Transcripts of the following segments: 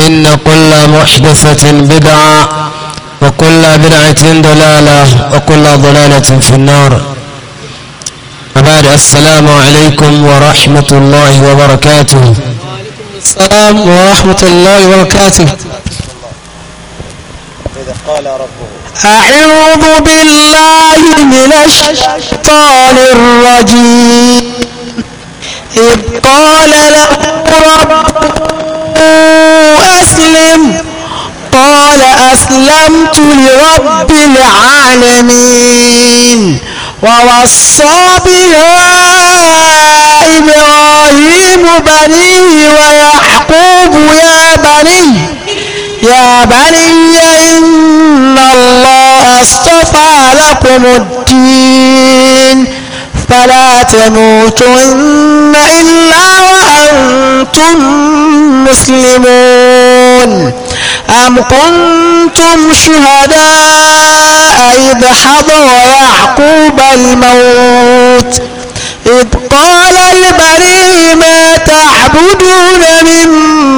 إن كل محدثة بدعة وكل بدعة ضلالة وكل ضلالة في النار وبعد السلام عليكم ورحمة الله وبركاته السلام ورحمة الله وبركاته إذا قال ربه أعوذ بالله من الشيطان الرجيم إذ قال له ربه أسلم قال أسلمت لرب العالمين ووصى بها إبراهيم بني. ويعقوب يا بني يا بني إن الله اصطفى لكم الدين فلا تموتن إلا وأنتم مسلمون أم كنتم شهداء إذ حضر يعقوب الموت إذ قال البريء ما تعبدون من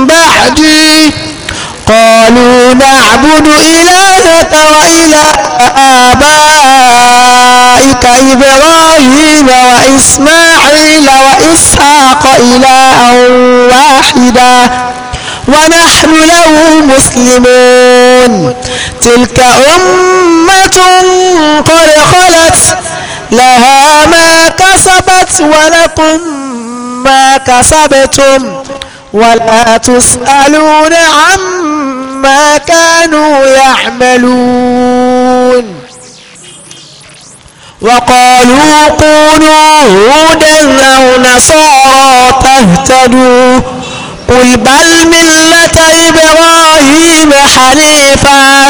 بعدي قالوا نعبد إلهك وإله آبائك وإبراهيم وإسماعيل وإسحاق إلها واحدا ونحن له مسلمون تلك أمة قد خلت لها ما كسبت ولكم ما كسبتم ولا تسألون عما كانوا يعملون وقالوا كونوا هودا أو نصارى تهتدوا قل بل ملة إبراهيم حنيفا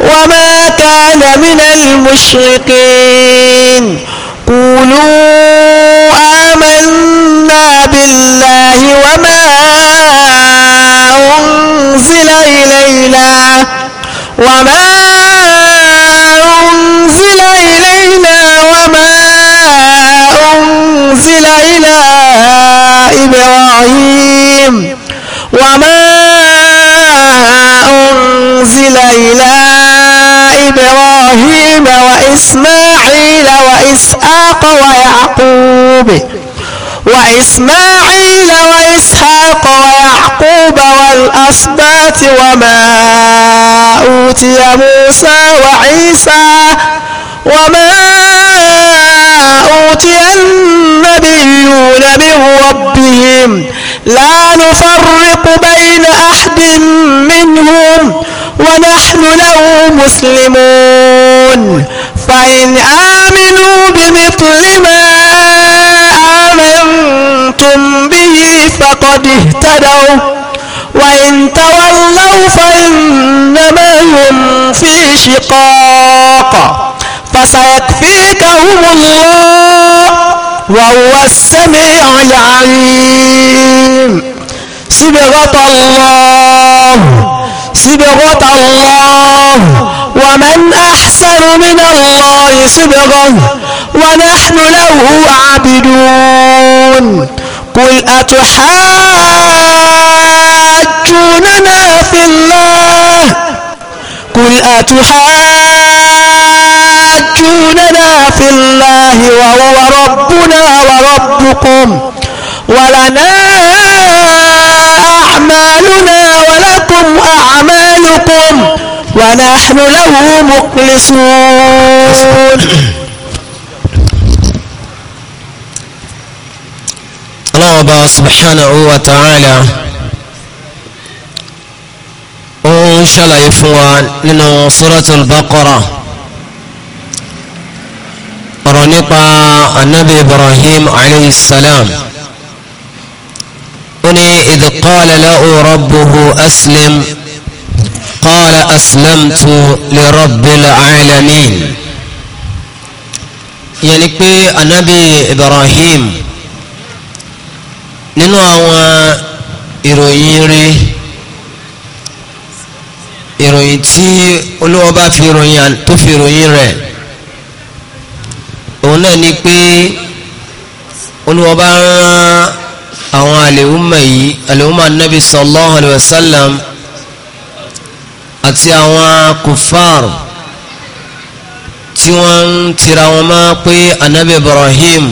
وما كان من المشركين قولوا آمنا بالله وما أنزل إلينا وما إبراهيم وما أنزل إلى إبراهيم وإسماعيل وإسحاق ويعقوب وإسماعيل وإسحاق ويعقوب والأصبات وما أوتي موسى وعيسى وما أوتي يؤمنون بربهم لا نفرق بين أحد منهم ونحن له مسلمون فإن آمنوا بمثل ما آمنتم به فقد اهتدوا وإن تولوا فإنما هم في شقاق فسيكفيكهم الله وهو السميع العليم صبغة الله صبغة الله ومن أحسن من الله صبغة ونحن له عابدون قل أتحاجوننا في الله قل أتحاجوننا يشركوننا في الله وهو ربنا وربكم ولنا أعمالنا ولكم أعمالكم ونحن له مخلصون الله سبحانه وتعالى وإن شاء الله يفوان لنا سورة البقرة ọ̀rọ̀ nípa anabi ibrahim alayhi salam ó ní idh qala lahu rabbuhu aslim qala aslamtu li rabbil alamin ìyẹn ni pé anabi ibrahim nínú àwọn ìròyìn rí ìròyìn tí olówó bá fi ròyìn tó fi ròyìn rẹ̀ òun náà ni pé olúwa bá rán àwọn àlèhùnmà yìí àlèhùnmà nabi sallallahu alayhi wa sallam àti àwọn kùfàr tí wọ́n ń tira wọn mọ́ pé anabi ibrahim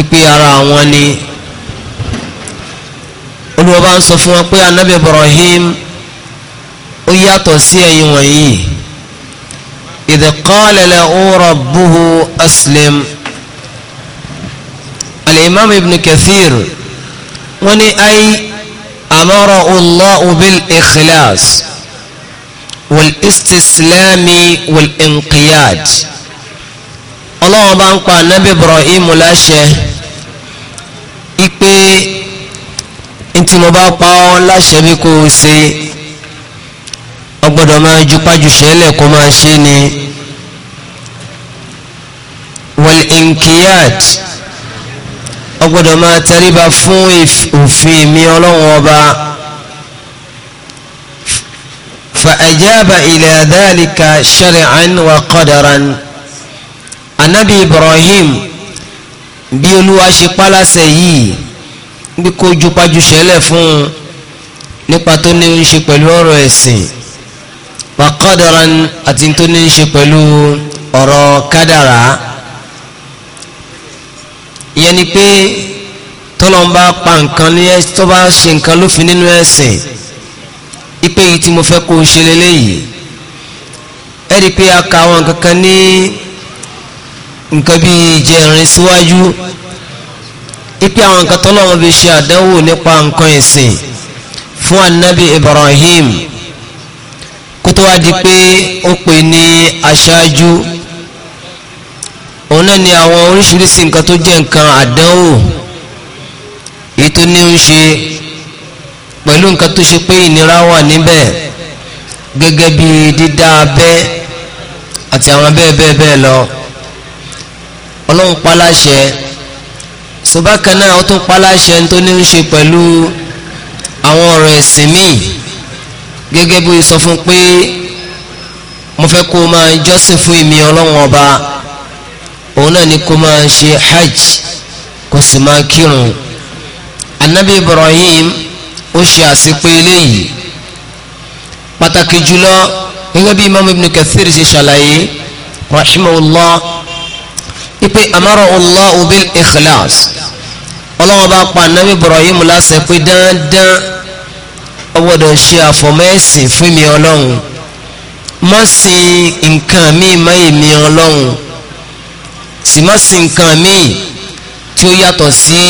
ipe ara àwọn ni olúwa ń sọ fún wọn pé anabi ibrahim ó yàtọ̀ sí ẹ̀yin wọ̀nyí. إذا قال له ربه أسلم الإمام ابن كثير وني أي أمره الله بالإخلاص والاستسلام والانقياد الله بانقى نبي إبراهيم لاشه ipe ntí mo bá pa ọgbọ́dọ̀ máa jupájú ṣẹlẹ̀ kó máa ṣe ni wal inkiyat ọgbọ́dọ̀ máa tẹríba fún òfin mi ọlọ́run ọba fa ajaba ila dhalika shari'an wa qadaran anabi ibrahim bí olúwa ṣe pálásẹ̀ yìí bí kò jupájú ṣẹlẹ̀ fún nípa tó ní í ṣe pẹ̀lú ọ̀rọ̀ ẹ̀sìn wa qadaran àti tó ní í ṣe pẹ̀lú ọ̀rọ̀ kádàrá ìyẹn ni pé tọ́lọ́n bá pa nǹkan ní ẹsẹ̀ tó bá ṣe nǹkan lófin nínú ẹ̀sìn ipe yìí tí mo fẹ́ kó o ṣe lélẹ́yìí ẹ rí i pé a ka àwọn nǹkan ní nǹkan bíi ìjẹrin síwájú ipe àwọn nǹkan tọ́lọ́n bí ṣe àdánwò nípa nǹkan ẹ̀sìn fún anabi Ibrahim kó tó wá di pé ó pè ní aṣáájú òun náà ni àwọn oríṣiríṣi nǹkan tó jẹ́ nǹkan àdánwò èyí tó ní ń ṣe pẹ̀lú nǹkan tó ṣe pé ìnira wà níbẹ̀ gẹ́gẹ́ bí dídá abẹ́ àti àwọn bẹ́ẹ̀ bẹ́ẹ̀ bẹ́ẹ̀ lọ ọlọ́run paláṣẹ ṣùgbọ́n kan náà ó tún paláṣẹ tó ní ń ṣe pẹ̀lú àwọn ọ̀rọ̀ ẹ̀sìn míì gẹ́gẹ́ bó sọ fún pé mo fẹ́ kó máa jọ́sìn fún èmi ọlọ́run ọba òun náà ni kó máa ṣe hajj kó sì máa kírun anabi ibrahim ó ṣe àṣepé eléyìí pàtàkì jùlọ gẹ́gẹ́ bí imaamu ibn kathir ṣe ṣàlàyé rahimahullah ipe amara allah bil ikhlas ọlọ́run ọba pa anabi ibrahim láṣẹ pé dáadáa ọwọ́dọ̀ ṣe àfọ̀mẹ́sìn fún mi ọlọ́run má sin nǹkan míì má èmi ọlọ́run sì má sin nǹkan míì tí ó yàtọ̀ sí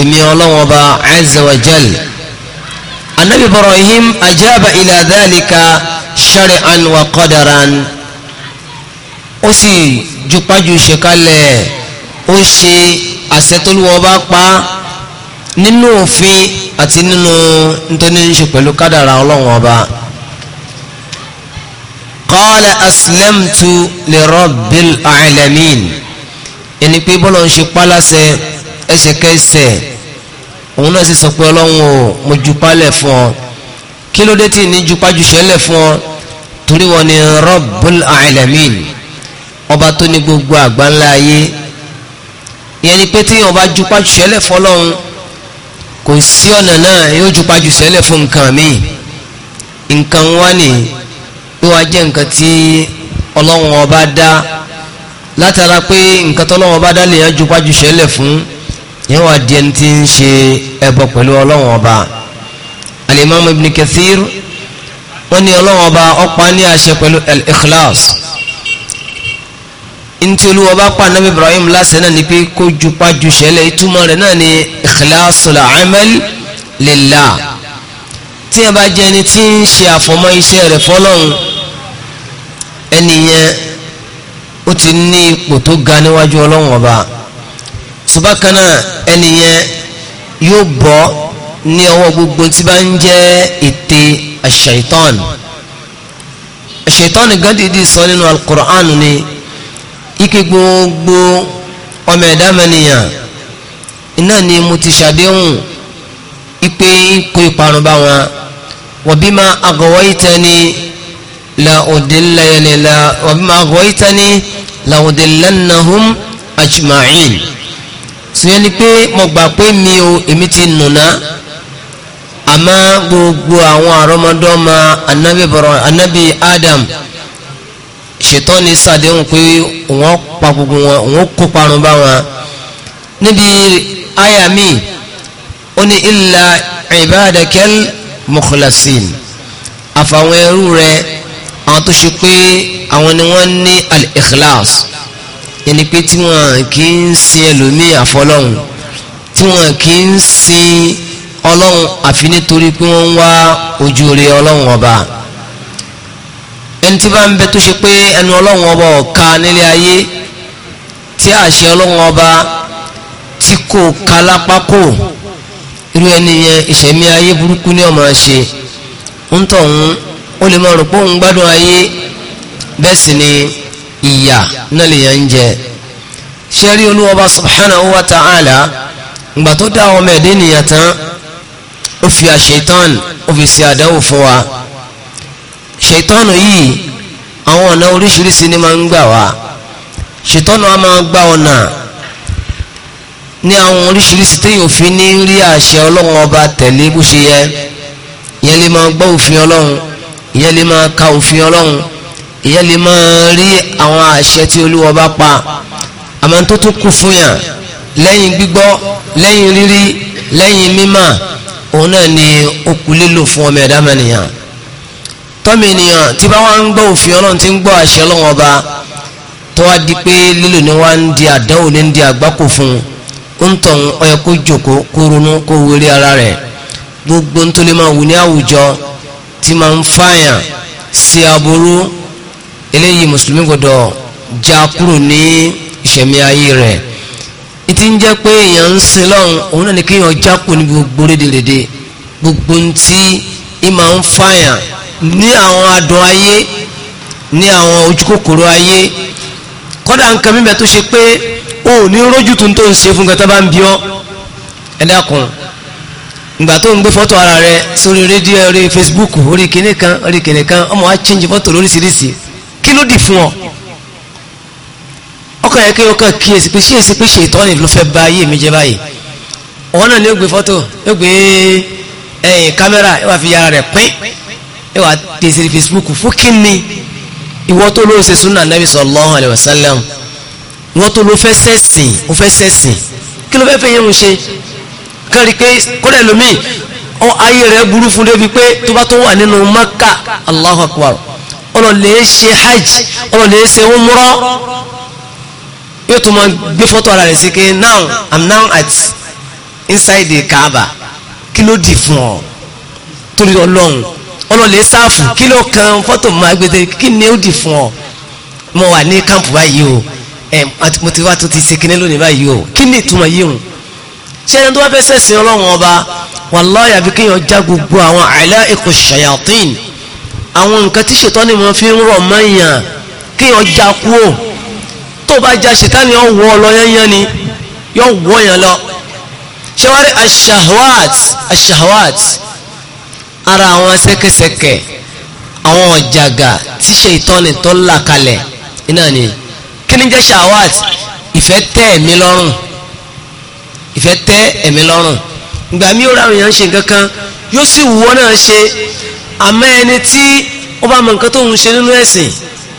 èmi ọlọ́run ọba azza wa jal anabi ibrahim ajaba ila dhalika shari'an wa qadaran ó sì jupájú ṣe kalẹ̀ ó ṣe àṣẹ tó lù wọ́n bá pa nínú òfin àti nínú nítorí ń ṣe pẹ̀lú kádàrà ọlọ́run ọba qala aslamtu li rabbil alamin ẹni pé bọ́lá ń ṣe pálásẹ ẹsẹ̀kẹsẹ̀ òun náà sì sọ pé ọlọ́run ò mo jupálẹ̀ fún ọ kí ló dé tí ní jupájúṣẹ́lẹ̀ fún ọ torí wọn ni rabbul alamin ọba tó ní gbogbo àgbáńlá ayé ìyẹn ni pé tí ọba jupájúṣẹ́lẹ̀ fún ọlọ́run kò sí ọ̀nà náà yóò ju pajú sẹ́lẹ̀ fún nǹkan mi nǹkan wá ní yóò wá jẹ́ nǹkan tí ọlọ́run ọba dá látara pé nǹkan tọ́lọ́run ọba dá lè yàn ju pajú sẹ́lẹ̀ fún yẹn wá di ẹni tí ń ṣe ẹbọ pẹ̀lú ọlọ́run ọba alimami ibn Kathir wọ́n ní ọlọ́run ọba ọ̀pá ní àṣẹ pẹ̀lú al-ikhlas ntí olúwa bá pa anabi ibrahim lásán náà ni pé kó ju pájú sẹlẹ̀ ìtumọ̀ rẹ̀ náà ni ikhlasul amal lillah tí a bá jẹ́ ẹni tí ń ṣe àfọmọ́ iṣẹ́ rẹ̀ fọlọ́run ẹnìyẹn ó ti ní ipò tó ga níwájú ọlọ́run ọba subakana ẹnìyẹn yóò bọ́ ní ọwọ́ gbogbo tí bá ń jẹ́ ète aṣaitan aṣaitan gandhi sọ nínú alukur'an ni ike gbogbo ọmọ ẹ̀dá mẹ́niyàn iná ni mo ti ṣàdéhùn ipe kó ìparun bá wọn wọ̀bí máa àgọ̀wọ́ ìtẹ́ni la òdìlẹ́yẹni la wọ̀bí máa àgọ̀wọ́ ìtẹ́ni la òdìlẹ́nàhùn ajma'in sìyẹn ni pé mo gbà pé mi ò èmi ti nùnà àmọ́ gbogbo àwọn àrọ́mọdọ́mọ anabi Adam ṣètọ́ni sàdéhùn pé wọ́n pa gbogbo wọn wọ́n kó parun bá wọn níbi àyà mi ó ní illa ibadakal mukhlasin àfàwọn ẹrú rẹ àwọn tó ṣe pé àwọn ni wọ́n ní al-ikhlas yẹni pé tí wọ́n kì í sin ẹlòmíì àfọlọ́hún tí wọ́n kì í sin ọlọ́hun àfi nítorí pé wọ́n ń wá ojú rere ọlọ́hun ọba ẹni tí bá ń bẹ tó ṣe pé ẹnu ọlọ́run ọba ọ̀ka nílé ayé tí àṣẹ ọlọ́run ọba tí kò ka lápákò irú ẹni yẹn ìṣẹ̀mí ayé burúkú ni ó máa ṣe ń tọ̀hún ó lè máa rò pé òun gbádùn ayé bẹ́ẹ̀ sì ni ìyà náà lè yẹn ń jẹ ṣe rí olúwa ọba subhanahu wa ta'ala ìgbà dá ọmọ ẹ̀dẹ́ nìyẹn ó fi àṣetán ó fi ṣe àdáwò fún wa ṣètọ́nù yìí àwọn ọ̀nà oríṣiríṣi ni máa ń gbà wá ṣètọ́nù a máa gba ọ̀nà ní àwọn oríṣiríṣi téèyàn fi ní rí àṣẹ ọlọ́run ọba tẹ̀lé bó ṣe yẹ ìyẹn lè máa gbọ́ òfin ọlọ́run ìyẹn lè máa ka òfin ọlọ́run ìyẹn lè máa rí àwọn àṣẹ tí olúwa bá pa àmọ́ tó tún kù fún yàn lẹ́yìn gbígbọ́ lẹ́yìn rírí lẹ́yìn mímà òun náà ni okùn lílò fún ọmọ ẹ̀dá mẹ́nìyàn tọ́mì ènìyàn tí bá wọ́n ń gbọ́ òfin ọlọ́run tí ń gbọ́ àṣẹ ọlọ́run ọba tó wá di pé lílò ni wá ń di àdánwò ní ń di àgbákò fún un ń tàn ó yẹ kó jókòó kó ronú kó wéré ara rẹ̀ gbogbo ń tó lè máa wù ní àwùjọ tí máa ń fààyàn sí aburú eléyìí mùsùlùmí gbọdọ̀ já kúrò ní ìṣẹ̀mí ayé rẹ̀ ìtí ń jẹ́ pé èèyàn ń sin lọ́run òun náà ni kéèyàn já kúrò ní gbogbo rédèrèdè gbogbo ń tí ì máa ń fààyàn ní àwọn adùn ayé ní àwọn ojúkòkòrò ayé kọ́dà nǹkan mímẹ́ tó ṣe pé o ò ní rójú tó ń tó ń ṣe fún nǹkan tó bá ń bí ọ́ ẹ ìgbà tó ń gbé fọ́tò ara rẹ sórí rédíò orí Facebook orí kìnì kan orí kìnì kan ọmọ wa change fọ́tò lóríṣiríṣi kí ló dì fún ọ ọkọ yẹ kí o kàn kíyèsí pé ṣíyèsí pé ṣètọ́ ni ló fẹ́ ba ayé mi jẹ báyìí ọ̀wọ́n náà ni ó gbé fọ́tò ó gbé ẹ̀yìn kámẹ́rà ó wà fi yàrá rẹ̀ pín ẹ wà tẹ̀sí fún kíni ìwọ ló ṣe sunna nabi sallallahu alayhi wa sallam ló fẹ́ sẹ́sìn ó fẹ́ sẹ́sìn kí ló fẹ́ fẹ́ yẹn ń ṣe kárí pé kọ́lẹ̀ lómi ọ ayé rẹ̀ burú fún débi pé tó bá tó wà nínú Maka Allahu akbar ọlọ́lẹ̀ ṣe hajj ọlọ́lẹ̀ ṣe umrah yóò tó máa gbé fọ́tò ara rẹ̀ sí pé now i'm now at inside the Kaaba kí ló dì fún ọ torí ọlọ́run ọlọ́lẹ̀ sáàfù kí ló kan fọ́tò máa gbèdé kí ni ó dì fún ọ mo wà ní kámpù báyìí o ẹ mo ti wá tó ti ṣe kíní lónìí báyìí o kí ni ìtumọ̀ yìí o ṣé ẹni tó bá fẹ́ sẹ̀sìn ọlọ́run ọba wàláhì àbí kéèyàn já gbogbo àwọn àìlá ikọ̀ ṣayatin àwọn nǹkan tí ṣètánì mo fi ń rọ̀ mọ́yàn kéèyàn já kúò tó bá já ṣètánì ọ̀wọ́ ọlọ́yẹ́yẹ́ ni yọ̀ wọ́ yẹn lọ ṣé wàá rí ashahwat ashahwat ara àwọn ṣẹ̀kẹ̀ṣẹ̀kẹ̀ àwọn ọ̀jàgà tí ṣètọ́ni tó là kalẹ̀ iná ni kí ni jẹ́ shawat ìfẹ́ tẹ́ ẹ̀mí lọ́rùn ìfẹ́ tẹ́ ẹ̀mí lọ́rùn ìgbà mi ò ra àwọn èèyàn ṣe nǹkan kan yóò sì wọ́ náà ṣe àmọ́ ẹni tí ó bá mọ nǹkan tó ń ṣe nínú ẹ̀sìn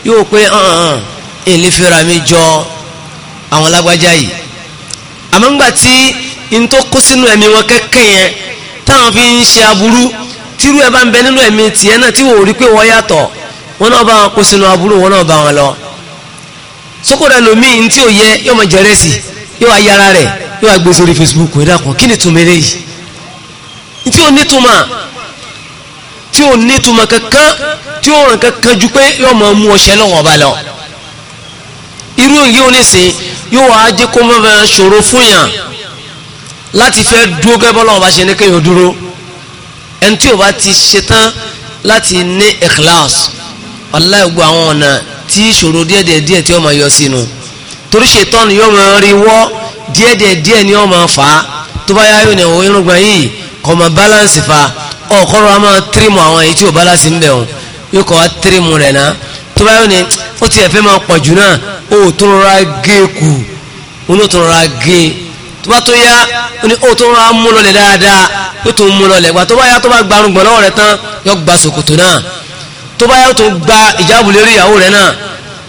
yóò pé hàn èlé fira mi jọ àwọn lágbájá yìí àmọ́ ńgbà tí n tó kó sínú ẹ̀mí wọn kẹ́kẹ́ yẹn táwọn fi ń ṣe aburú Tiru ẹ bá ń bẹ nínú ẹ̀mí tiẹ̀ náà tí wòó rí pé wọ́n yàtọ̀ wọn náà bá wọn kó sínú aburú wọn náà bá wọn lọ sokoda lomiin tí ò yẹ yóò mọ jẹrẹsì yóò ayára rẹ yóò gbé sórí Facebook ẹ dákun kí ni túmọ̀ eléyìí tí ò ní túmọ̀ tí ò ní túmọ̀ kankan tí ò ràn kankan ju pé yóò mọ mú ọṣẹ lọ́wọ́ ọba lọ irú yìí ó ní sìn yóò wá jẹ́ kó mọ́ fẹ́ ṣòro fún yàn láti fẹ́ dúró gẹ́gẹ́ bọ́lá ọba ṣe ní kéèyàn dúró ẹni tí o bá ti ṣetán láti ní ikhlas wallahi gbogbo àwọn ọ̀nà tí ìṣòro díẹ̀díẹ̀ díẹ̀ tí ó máa yọ sínú torí ṣetán ni yóò máa rí wọ́ díẹ̀díẹ̀ ni ó máa fà á tó bá yáyò ní àwọn irúgbà yìí kò máa balance fa ọ̀kọ́rọ̀ a máa tirimu àwọn èyí tí o balance ń bẹ̀ wọn yóò kọ́ wa tirimu rẹ̀ náà tó bá yáyò ní ó ti ẹ̀fẹ́ máa pọ̀ jù náà ó tó rọra gé e kù e. ó ní ó tó rọra yóò tún mú lọlẹ̀ gba tó bá yá tó bá gba arúgbọ̀n lọ́wọ́ rẹ̀ tán yóò gba sòkòtò náà tó bá yá tó gba ìjáàbù lérí ìyàwó rẹ̀ náà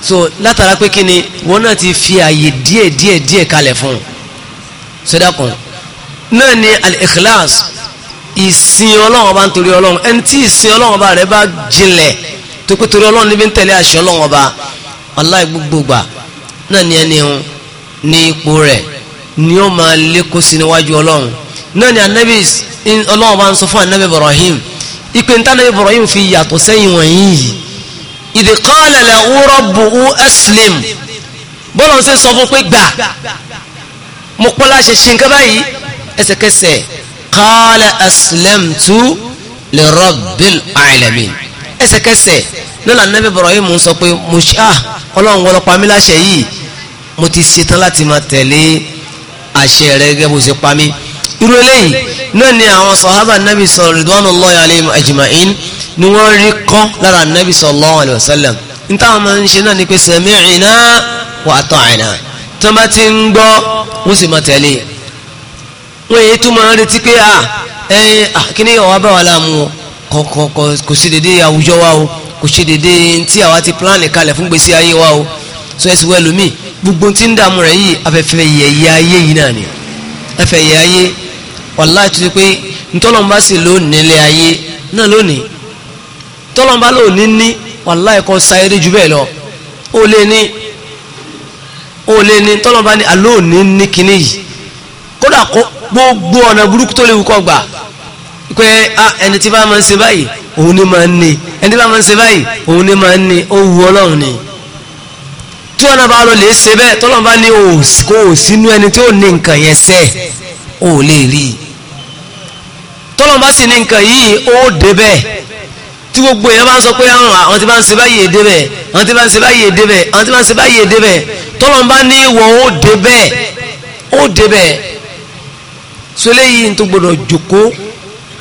so látara pé kí ni wọn náà ti fi àyè díẹ̀ díẹ̀ díẹ̀ kalẹ̀ fún un sódàkùn náà ni al-ikhlas ìsìn ọlọ́wọ́n bá ń torí ọlọ́run ẹni tí ìsìn ọlọ́wọ́n bá rẹ̀ bá jinlẹ̀ tó pé torí ọlọ́run níbi ń tẹ̀lé àṣẹ ọlọ́wọ́n bá aláì gbogbo gbà náà ni ẹni hun ní ipò rẹ̀ ni ó máa lékó sí níwájú ọlọ́run náà ni anabi ọlọ́wọ́n bá ń sọ fún anabi ibrahim ipe ń tánà ibrahim fi yàtọ̀ sẹ́yìn wọ̀nyí yìí idh qala lahu rabbuhu aslim bọ́lá ń sẹ́ sọ fún pé gbà mo pọ́lá ṣe ṣe nǹkan báyìí ẹsẹ̀kẹsẹ̀ qala aslamtu li rabbil alamin ẹsẹ̀kẹsẹ̀ lọ́la anabi ibrahim ń sọ pé mo ah, ọlọ́run wọlọ́ irú eléyìí náà ni àwọn sọ̀hábà nàbì sọ̀rọ̀ ridwanullahi alayhim ajma'in ni wọ́n rí kọ́ lára nàbì sallallahu alayhi wa sallam n táwọn máa ń ṣe náà ni pé sami'na wa ata'na tó bá ti ń gbọ́ wọ́n sì máa tẹ̀lé wọ́n èyí tó máa ń retí pé à ẹ̀yìn àkíní ọ̀wá bá wà láàmú kò ṣe dédé àwùjọ wa o kò ṣe dédé tí àwa ti pílánì kalẹ̀ fún gbèsè ayé wa o sọ ẹ̀sìn wẹ́lómi gbogbo tí ń dààmú rẹ̀ yìí afẹ́fẹ́ yẹ̀yẹ́ ayé yìí náà ni afẹ́fẹ́ ayé wàláì ti pé ntọ́lọ́mbà sì ló nílé ayé náà lónìí tọ́lọ́mbà ló ní ní wàláì sáyẹ́rì jù bẹ́ẹ̀ lọ ó lé ní ó lé ní tọ́lọ́mbà ní aló ní ní yìí kódà gbogbo ọ̀nà burúkú tó léwu kọ́ gbà pé ẹni tí bá máa ń ni máa ń ní ẹni tí bá máa ń ṣe báyìí òun ni máa ń ní ó wu ọlọ́run ni tí tọ́lọ́mbá sì ní nǹkan yìí ó débẹ̀ tí gbogbo èèyàn bá ń sọ pé àwọn ah, àwọn tí bá ń ṣe báyìí èdébẹ̀ àwọn tí bá ń ṣe báyìí èdébẹ̀ àwọn tí bá ń ṣe báyìí èdébẹ̀ tọ́lọ́mbá ní ìwọ̀ ó débẹ̀ ó débẹ̀ sólé yìí ń tó gbọdọ̀ jòkó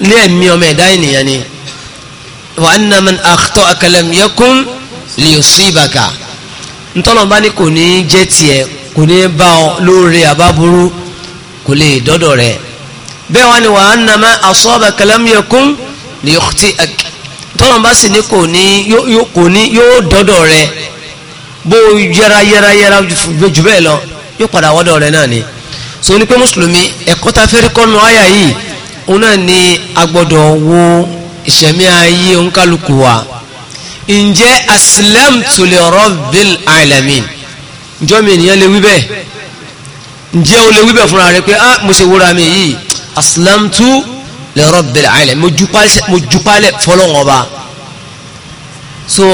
lé ẹ̀mí ọmọ ẹ̀dá ènìyàn ni wa anna man akhta'aka lam yakun liyusibaka ntọ́lọ́mbá ní kò ní jẹ́ tiẹ̀ kò ní bá ọ lóore àbábúrú kò lè dọ́dọ̀ rẹ̀ bẹ́ẹ̀ wá ní wa anna ma asabaka lam yakun li yukhti'ak tọ́lọ́n bá sì ní kò ní kò ní yóò dọ́dọ̀ rẹ bó yẹra yẹra yẹra jù bẹ́ẹ̀ lọ yóò padà wọ́dọ̀ rẹ náà ni so ní pé mùsùlùmí ẹ̀kọ́ ta fẹ́rí kọ́nu àyà yìí òun náà ni a gbọ́dọ̀ wo ìṣẹ̀mí ayé òǹkálukú wa ǹjẹ́ aslamtu li rabbil alamin ǹjọ́ mi ènìyàn lè wí bẹ́ẹ̀ ǹjẹ́ o lè wí bẹ́ẹ̀ fúnra rẹ pé ah mo ṣe wúra mi yìí aslamtu li rabbil alamin mo jupalẹ̀ fọlọ́wọ́n ba so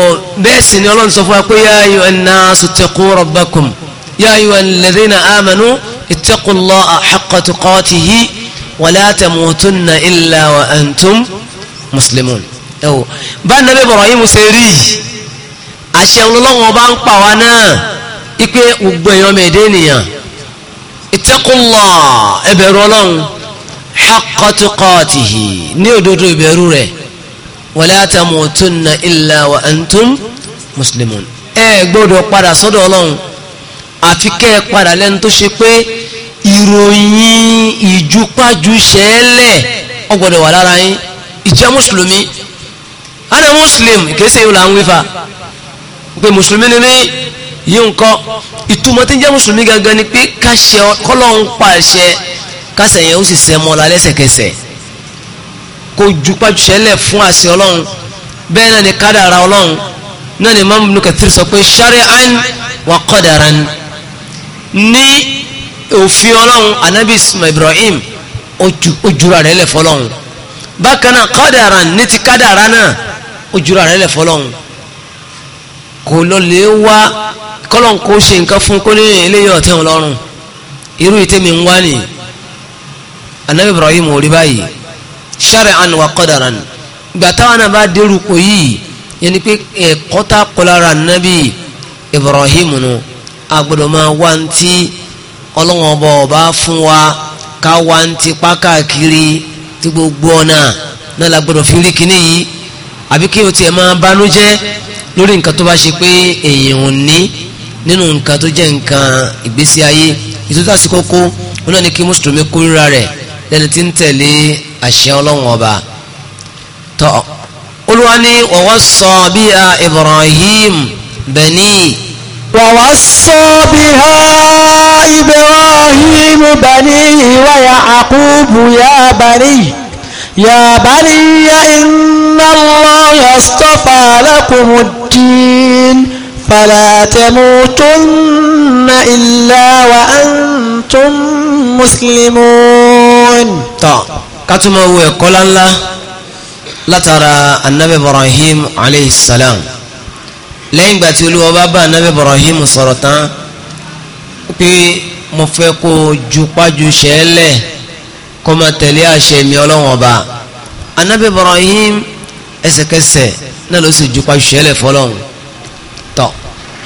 bẹ́ẹ̀ sì ni ọlọ́run sọ fún wa pé ya ayyuhan nasu ittaqu rabbakum ya ayyuhal ladhina amanu ittaqullaha haqqa tuqatihi wa la tamutunna illa wa antum muslimun ẹ̀wọ̀ bá nàbẹ́ Ibrahim ṣe rí àṣẹ ọlọ́wọ́n bá ń pa wa náà haqqa tuqatihi ní òdodo ìbẹ̀rù rẹ̀ wala tamutunna illa wa antum muslimun ẹ gbọ́dọ̀ padà sọ́dọ̀ ọlọ́run àfi kẹ́ ẹ padà lẹ́nu tó ṣe pé ìròyìn ìjúpájú ṣẹlẹ̀ ó gbọ́dọ̀ wà lára yín ìjẹ́ mùsùlùmí ana muslim kèsè yìí ó ń wífà pé mùsùlùmí ni mí yìí ń kọ́ ìtumọ̀ tí ń jẹ́ mùsùlùmí gangan ni pé káṣẹ kọ́lọ́ ń pàṣẹ kásẹ̀ yẹn ó sì sẹ́ mọ́ la lẹ́sẹ̀kẹsẹ̀ kó ju pàjùsẹ́lẹ̀ fún àṣẹ ọlọ́run bẹ́ẹ̀ náà ni kádàrà ọlọ́run náà ni Imam Ibn Kathir sọ pé shari'an wa qadaran ní òfin ọlọ́run anabi ismail ibrahim ojúra rẹ̀ lẹ̀ fọlọ́run bákan náà qadaran ní ti kádàrà náà ojúra rẹ̀ lẹ̀ fọlọ́run kò lọ lè wá kọ́lọ́n kó ṣe nǹkan fún kó ní eléyìí ọ̀tẹ̀ ọlọ́run irú ìtẹ́mi ń wá nìyí anabi ibrahim ò rí báyìí shar'an wa qadaran ìgbà táwọn náà bá dérú kò yìí yẹn ni pé ẹ̀kọ́ tá a kọ́ lára anabi ibrahim nu agbọ́dọ̀ máa wá ń tí ọlọ́wọ́n ọba ọba fún wa ká wá ń tí pákàkiri tí gbogbo ọ̀nà náà la fi rí kíní yìí àbí kí o tiẹ̀ máa banújẹ́ lórí nǹkan tó bá ṣe pé èèyàn ò ní nínú nǹkan tó jẹ́ nǹkan ìgbésí ayé ìtútàsí kókó ó náà ní kí mùsùlùmí kórìíra rẹ̀ lẹ́ni tí ń tẹ̀lé àṣẹ ọlọ́run ọba tọ́ olúwa ní wa wassa biha Ibrahim bani. wa wassa biha Ibrahim bani wa Ya'qub ya bani. يا بني إن الله اصطفى لكم الدين فلا تموتن إلا وأنتم مسلمون tọ́ kátùmọ̀ wo ẹ̀kọ́ láńlá látara anabi ibrahim alayhi salam lẹ́yìn ìgbà tí olúwa bá bá anabi ibrahim sọ̀rọ̀ tán pé mo fẹ́ kó jupájú ṣẹlẹ̀ kó máa tẹ̀lé àṣẹ mi ọlọ́wọ́n ọba anabi ibrahim ẹsẹ̀kẹsẹ̀ náà ló sì jupájú ṣẹlẹ̀ fọlọ́hún tọ́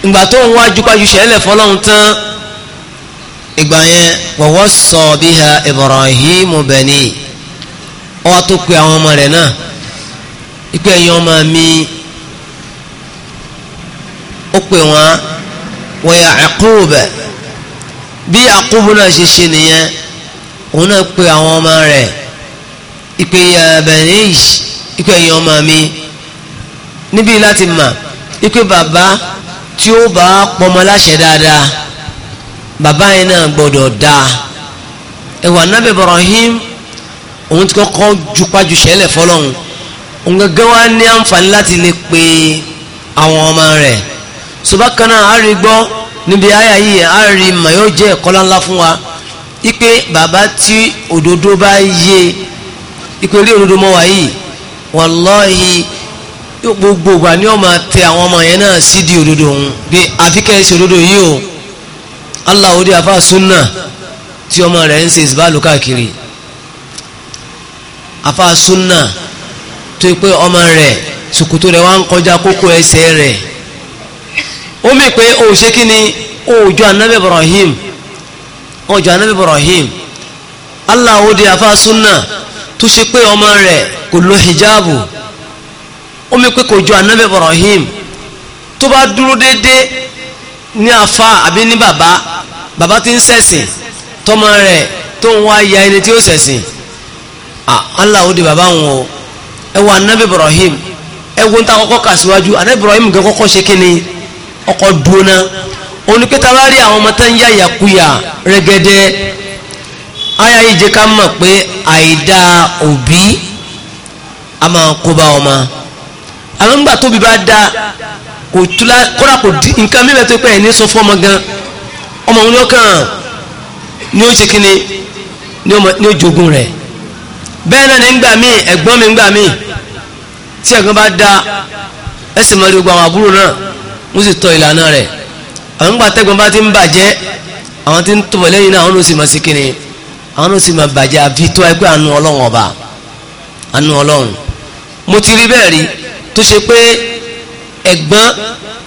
ìgbà ń wá jupájú ṣẹlẹ̀ fọlọ́hún tán ìgbà yẹn wọ̀wọ́ sọ bí ha Ibrahim bẹ̀ni ọ wá tó pe àwọn ọmọ rẹ̀ náà ipe ẹ̀yin ọmọ mi ó pè wọ́n wọ́n yà Yaqub bí Yaqub náà ṣe ṣe nìyẹn òun náà pe àwọn ọmọ rẹ̀ ipe ya bẹ̀ni ipe ẹ̀yin ọmọ mi níbi láti mà ipe bàbá tí ó bá pọmọ láṣẹ dáadáa. Baba yẹn náà gbọ́dọ̀ dáa ẹ̀wọ̀n Ànábì Ibrahim òun ti kọ́kọ́ jupájú sẹ́lẹ̀ fọlọ́hún òun gẹ́gẹ́ wá ní àǹfààní láti lè pe àwọn ọmọ rẹ̀ ṣùgbọ́n náà a rí gbọ́ níbi àyà yìí a rí mà yóò ńlá fún wa ipe bàbá tí òdodo bá yé ipe rí òdodo mọ́ wa yìí wàlọ́hì gbogbo ìgbà ni ó tẹ àwọn ọmọ yẹn náà sí di òdodo òun bí àfikẹ́ sí òdodo yìí o allah orí afa sunna tí ọmọ rẹ̀ ń ṣe ìsìbáàlù káàkiri afa sunna tó yẹ pé ọmọ rẹ̀ sùkùtù rẹ̀ wá ń kọjá kókó ẹsẹ̀ rẹ̀ ó mì pé ó ṣe kí ni ó jọ anabi ibrahim ó jọ anabi ibrahim allah afa sunna tó ṣe pé ọmọ rẹ̀ kò lo hijabu ó mì pé kò jọ anabi ibrahim tó bá dúró déédéé ní afa àbí ní bàbá bàbá tí ń ṣẹ̀sìn tọ́mọ rẹ̀ tó ń wá ya ẹni tí ó ṣẹ̀sìn Allah ó di bàbá wọn o ẹ wo anabi Ibrahim ẹ wo níta kọ́kọ́ kà síwájú anabi Ibrahim gan kọ́kọ́ ṣe kíni ọkọ̀ dúná òun pé ta bá rí àwọn ọmọ tó ń yá ìyàkuyà rẹ́gẹ́dẹ́ aya yìí jẹ́ ká mọ̀ pé àìdá òbí a máa kó bá ọmọ àwọn ńgbà tóbi bá dá kò tula kódà kò di nǹkan mímẹ́tò pé ẹ̀ ní sọ fún ọmọ gan-an ọmọ òun lọ́kàn ni ó ṣe kíni ni ó jogun rẹ̀ bẹ́ẹ̀ náà ní gbà mí ẹ̀gbọ́n mi gbà mí tí ẹ̀gbọ́n bá da ẹsẹ̀ mọ́ gbogbo àwọn àbúrò náà wọ́n sì tọ ìlànà rẹ̀ àwọn gbà tẹ́gbọ́n bá ti ń bàjẹ́ àwọn ti ń tọ̀ lẹ́yìn náà àwọn ló sì mọ̀ sí kíni àwọn ló sì mọ̀ bàjẹ́ àfi tó ẹgbẹ́ àánú ọlọ́run ọba àánú ọlọ́run mo ti rí bẹ́ẹ̀ rí tó ṣe pé ẹ̀gbọ́n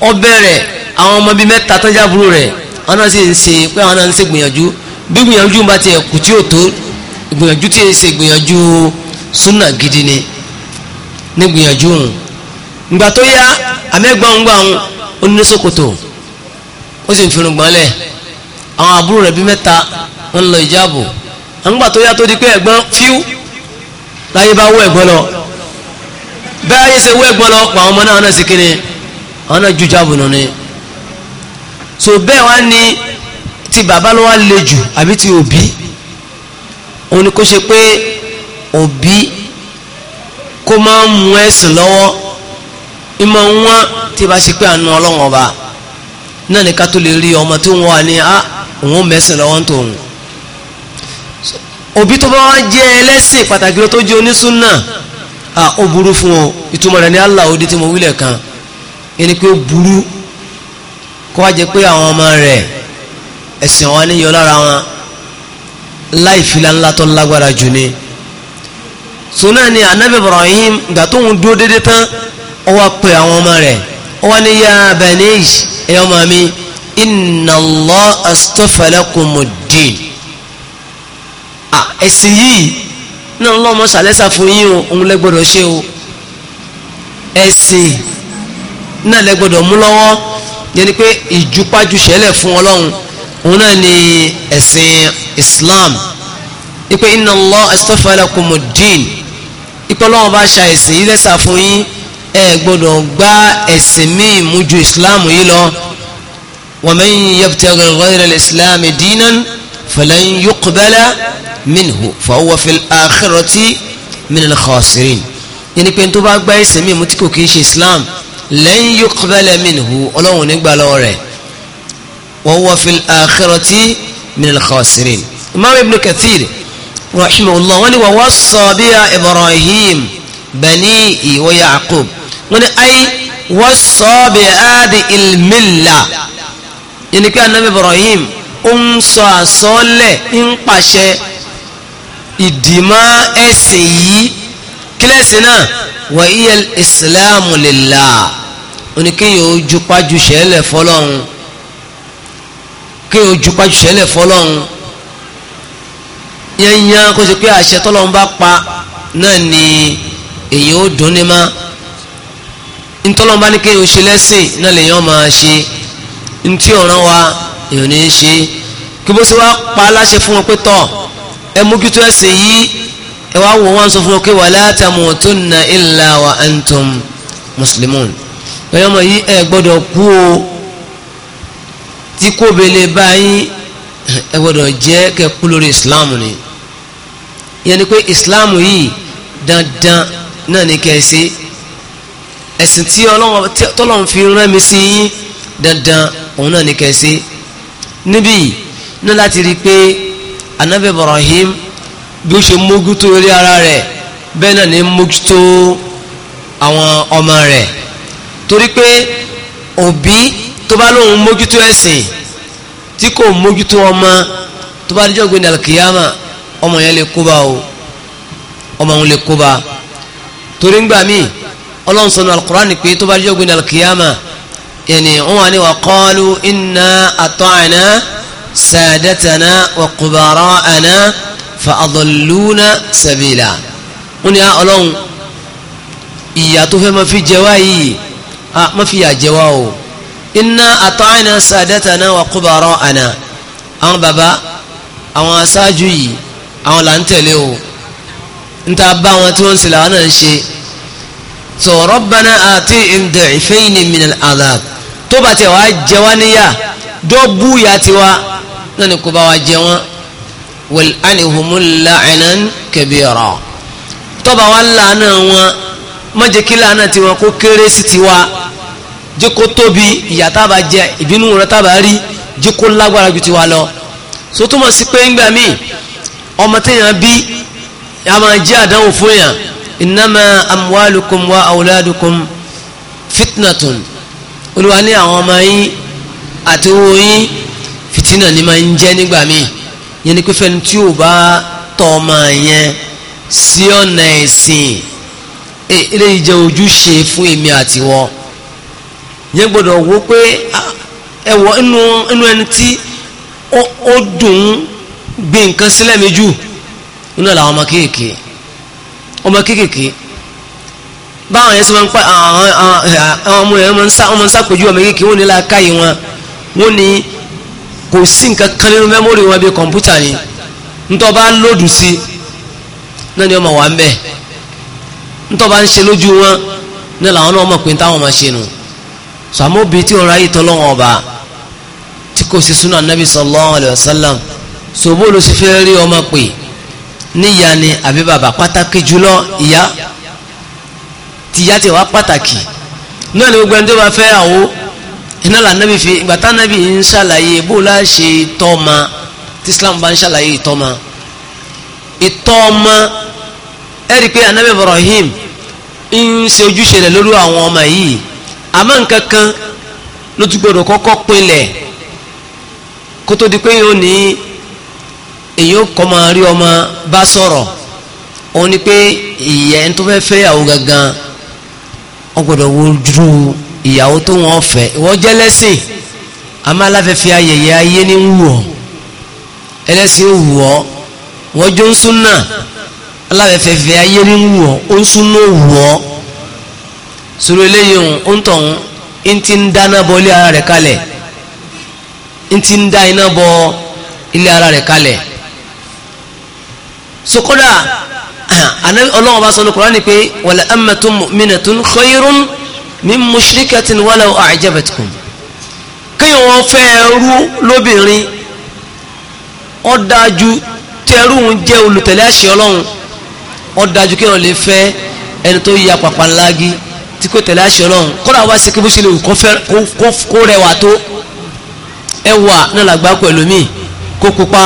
ọbẹ̀ rẹ̀ àwọn ọmọ bíi mẹ́ta tọ́jà àbúrò rẹ̀ àwọn náà sì ń ṣe pé àwọn náà ń ṣe gbìyànjú bí gbìyànjú bá ti ẹ̀kú tí ò tó gbìyànjú tí èsè gbìyànjú súnà gidi ni ní gbìyànjú òun ìgbà tó yá àmẹ́gbọ̀ngbọ̀n ó ní ṣòkòtò ó sì ń firun gbọ́nlẹ̀ àwọn àbúrò rẹ̀ bíi mẹ́ta ń lọ ìjáàbò àǹgbà tó yá tó di pé ẹ̀gbọ́n fíú láyé bá wọ ẹ̀gbọ́n lọ bẹ́ẹ̀ ayé ṣe wọ ẹ̀gbọ́n lọ pa ọmọ náà náà sí kíni àwọn náà ju jáàbò nù ni so bẹ́ẹ̀ wá ní ti bàbá ló wá le jù àbí ti òbí òun ni kó ṣe pé òbí kó máa ń mú ẹ̀sìn lọ́wọ́ ìmọ̀ wọn tí bá ṣe pé àánú ọlọ́wọ́n ọba náà ní ká tó lè rí ọmọ tó ń wà ní a òun mẹ́sìn lọ́wọ́ ń tòun òbí tó bá wá jẹ́ ẹlẹ́sìn pàtàkì tó jẹ́ onísúnà a ó burú fún ọ ìtumọ̀ rẹ̀ ní Allah òde tí mo wílẹ̀ kan ẹni pé ó burú kó wá jẹ pé àwọn ọmọ rẹ̀ ẹ̀sìn wọn níyọ lára wọn láì fila ńlá tó lágbára jù ni sùnà ni anabi ibrahim gbà tó ń dúró dédé tán ó wá pe àwọn ọmọ rẹ̀ ó wá ní ya banish ẹ ọmọ mi inna Allah astafa lakumud-din ẹ̀sìn yìí náà lọ́mọ sàlẹ́sà fún yín o òun lẹ́gbọ́dọ̀ ṣe o ẹ̀sìn náà lẹ́gbọ́dọ̀ mú lọ́wọ́ yẹni pé ìjupájú ṣẹlẹ̀ fún ọlọ́run òun náà ni ẹ̀sìn islam ipe inna Allah astafa lakumuddin ipe ọlọ́run bá ṣa ẹ̀sìn yìí lẹ́sà fún yín ẹ gbọ́dọ̀ gba ẹ̀sìn míì mú ju islam yìí lọ wa man yabtaghi ghayra al-islam dinan falan yuqbala minhu fa huwa fil akhirati min yẹni pé tó bá gba ẹ̀sìn míì mú tí kò kí ń ṣe islam lan yuqbala minhu ọlọ́run nígbà lọ́wọ́ rẹ̀ wa huwa fil akhirati minal khasirin imam ibn kathir rahimahullah wọ́n ní wa wassa biha ibrahim banihi wa yaqub wọ́n ní ay wassa bi adi ilmilla yìí kí anabi ibrahim ó ń sọ àsọ́ọ́lẹ̀ ń pàṣẹ ìdìmọ́ ẹ̀sìn yìí kílẹ̀sìn náà wa iyal islamu lillah oníkéèyàn ojúpájú sẹ́lẹ̀ fọlọ́run kéèyàn ojúpájú sẹ́lẹ̀ fọlọ́run yẹnyẹn kó ṣe pé àṣẹ tọ́lọ́run bá pa náà ni èyàn ó dùn ní ma ntọ́lọ́run bá ní kéèyàn ṣe lẹ́sìn náà lèyàn máa ṣe ntí ọ̀ràn wa èyàn ní ṣe kí bó ṣe wá pa aláṣẹ fún wọn pé tọ́ ẹ mójútó ẹ̀sìn yìí ẹ wá wò wọn sọ fún wọn pé wala tamutunna illa wa antum muslimun ẹ̀yọ́ ọmọ yìí ẹ̀ gbọ́dọ̀ kú o tí kò bẹ̀lẹ̀ báyìí ẹ̀ gbọ́dọ̀ jẹ́ kẹ́ kú lórí islam ni ìyẹn pé islam yìí dandan náà ni kẹ́ ẹ ṣe ẹ̀sìn tí Ọlọ́run fi rán mi sí yín dandan òun náà ni kẹ́ níbí náà láti rí i pé anabi Ibrahim bí ó ṣe mójútó orí ara rẹ̀ bẹ́ẹ̀ náà ni mójútó àwọn ọmọ rẹ̀ torí pé òbí tó bá lóun mójútó ẹ̀sìn tí kò mójútó ọmọ tó bá díjọ́ gbé ní alkiyama ọmọ yẹn lè kóbá o ọmọ òun lè kóbá torí ń gbà míì ọlọ́run sọ̀nà alukur'an pé tó bá díjọ́ gbé alkiyama yẹni wọn wà ní wa qalu inna ata'na saadatana wa qubara'ana fa adalluna sabila wọn ni ah, ọlọ́run ìyà tó fẹ́ máa fi jẹ wáyìí ha má fi yà jẹ wá o inna ata'na sadatana wa kubara'ana àwọn baba àwọn aṣáájú yìí àwọn là ń tẹ̀lé o níta bá wọn tí wọ́n ń sèlè àwọn náà ń ṣe so rabbana minal adhab tó bá tẹ̀ wá jẹ wá níyà dọ́bù yà tiwa náà ni kò bá wa jẹ wọn wal anihumul la'nan kabira tọ́ba wa lànà wọn má jẹ́ kí lànà tiwọn kó kéré sí tiwa jẹ́ kó tóbi ìyà tábà jẹ ìbínú rẹ tábà rí jẹ́ kó lágbára ju tiwa lọ so túmọ̀ sí pé ńgbà míì ọmọ téèyàn bí a máa jẹ́ àdánwò fún yàn innama amwalukum wa awladukum fitnatun olúwa ní àwọn ọmọ yín àti owó yín fìtínà ni máa ń jẹ́ nígbà míì yẹn ni pé fẹ́ni tí ò bá tọ́ ọmọ yẹn sí ọ̀nà ẹ̀sìn Eh, eléyìí jẹ́ ojúṣe fún èmi àti wọn yẹn gbọ́dọ̀ wo pé ẹwọ inú inú ẹni tí ó dùn gbé nǹkan sílẹ̀ mi jù inú ẹ̀ làwọn ọmọ kéèké ọmọ kéèké báwọn yẹn sọ wọn pa àwọn ọmọ yẹn wọn sàpèjú ọmọ kéèké wọn ní làákàyè wọn wọn ní kò sí nǹkan kan nínú mẹ́mórì wọn bí kọ̀ǹpútà ni ntọ́ bá lòdù sí náà ni ọmọ wa ń ntọ́ bá ń ṣe lójú wọn ní làwọn náà mọ̀ pé táwọn máa ṣe nù sàmóbi tí ọ̀rọ̀ ayé tọ́lọ́wọ́n ọba tí kò sí súnà nàbì sallallahu alayhi wa sallam sòbó ló sì fẹ́ rí ọmọ pè níyà ni àbí bàbá pàtàkì jùlọ ìyá tìyá ti wá pàtàkì náà ni gbogbo ẹni tó bá fẹ́ àwo iná là nàbì fi ìgbà tá nàbì ń ṣàlàyé bó la ṣe tọ́ ma tí Islam bá ń ṣàlàyé ìtọ́ ma ìtọ́ ma ẹ̀rí pé anabi ibrahim ń ṣe ojúṣe rẹ̀ lórí àwọn ọmọ yìí àmọ́ nǹkan kan ló tún gbọdọ̀ kọ́kọ́ pinlẹ̀ kó tó di pé yóò ní èyí ó kọ́ máa rí ọmọ bá sọ̀rọ̀ òun ni pé ìyá ẹni tó fẹ́ fẹ́ ìyàwó gangan wọ́n gbọdọ̀ wo dúró ìyàwó tó wọ́n fẹ́ ìwọ́n jẹ́ lẹ́sìn àmọ́ aláfẹ́fẹ́ ayẹyẹ ayé ní wù ọ́ ẹlẹ́sìn wù ọ́ wọ́n jó ń sún náà aláfẹ́fẹ́ ayé rí ń wọ̀ ó ń súnmọ́ wọ̀ ọ́ sọ̀rọ̀ eléyìí ń ń tọ̀hún ń ti ń dáná bọ ilé ara rẹ̀ kalẹ̀ ń ti ń dá iná bọ ilé ara rẹ̀ kalẹ̀ sokoda anabi ọlọ́wọ́ bá sọ ní Kùránì pé wàlẹ̀ amẹ́tò mu'minatun khayrun min mushrikatin walaw a'jabatkum kéèyàn wọ́n fẹ́ ẹrú lóbìnrin ó dájú tẹrú ń jẹ́ olùtẹ̀lé àṣẹ ọlọ́run wọ́n dájú kéèyàn lè fẹ́ ẹni tó ya pàpà ńlági tí kò tẹ̀lé àṣẹ ọlọ́run kọ́ra wá sí kébù sílẹ̀ kó rẹwà tó ẹwà náà làgbà pẹ̀lú mi kó pupa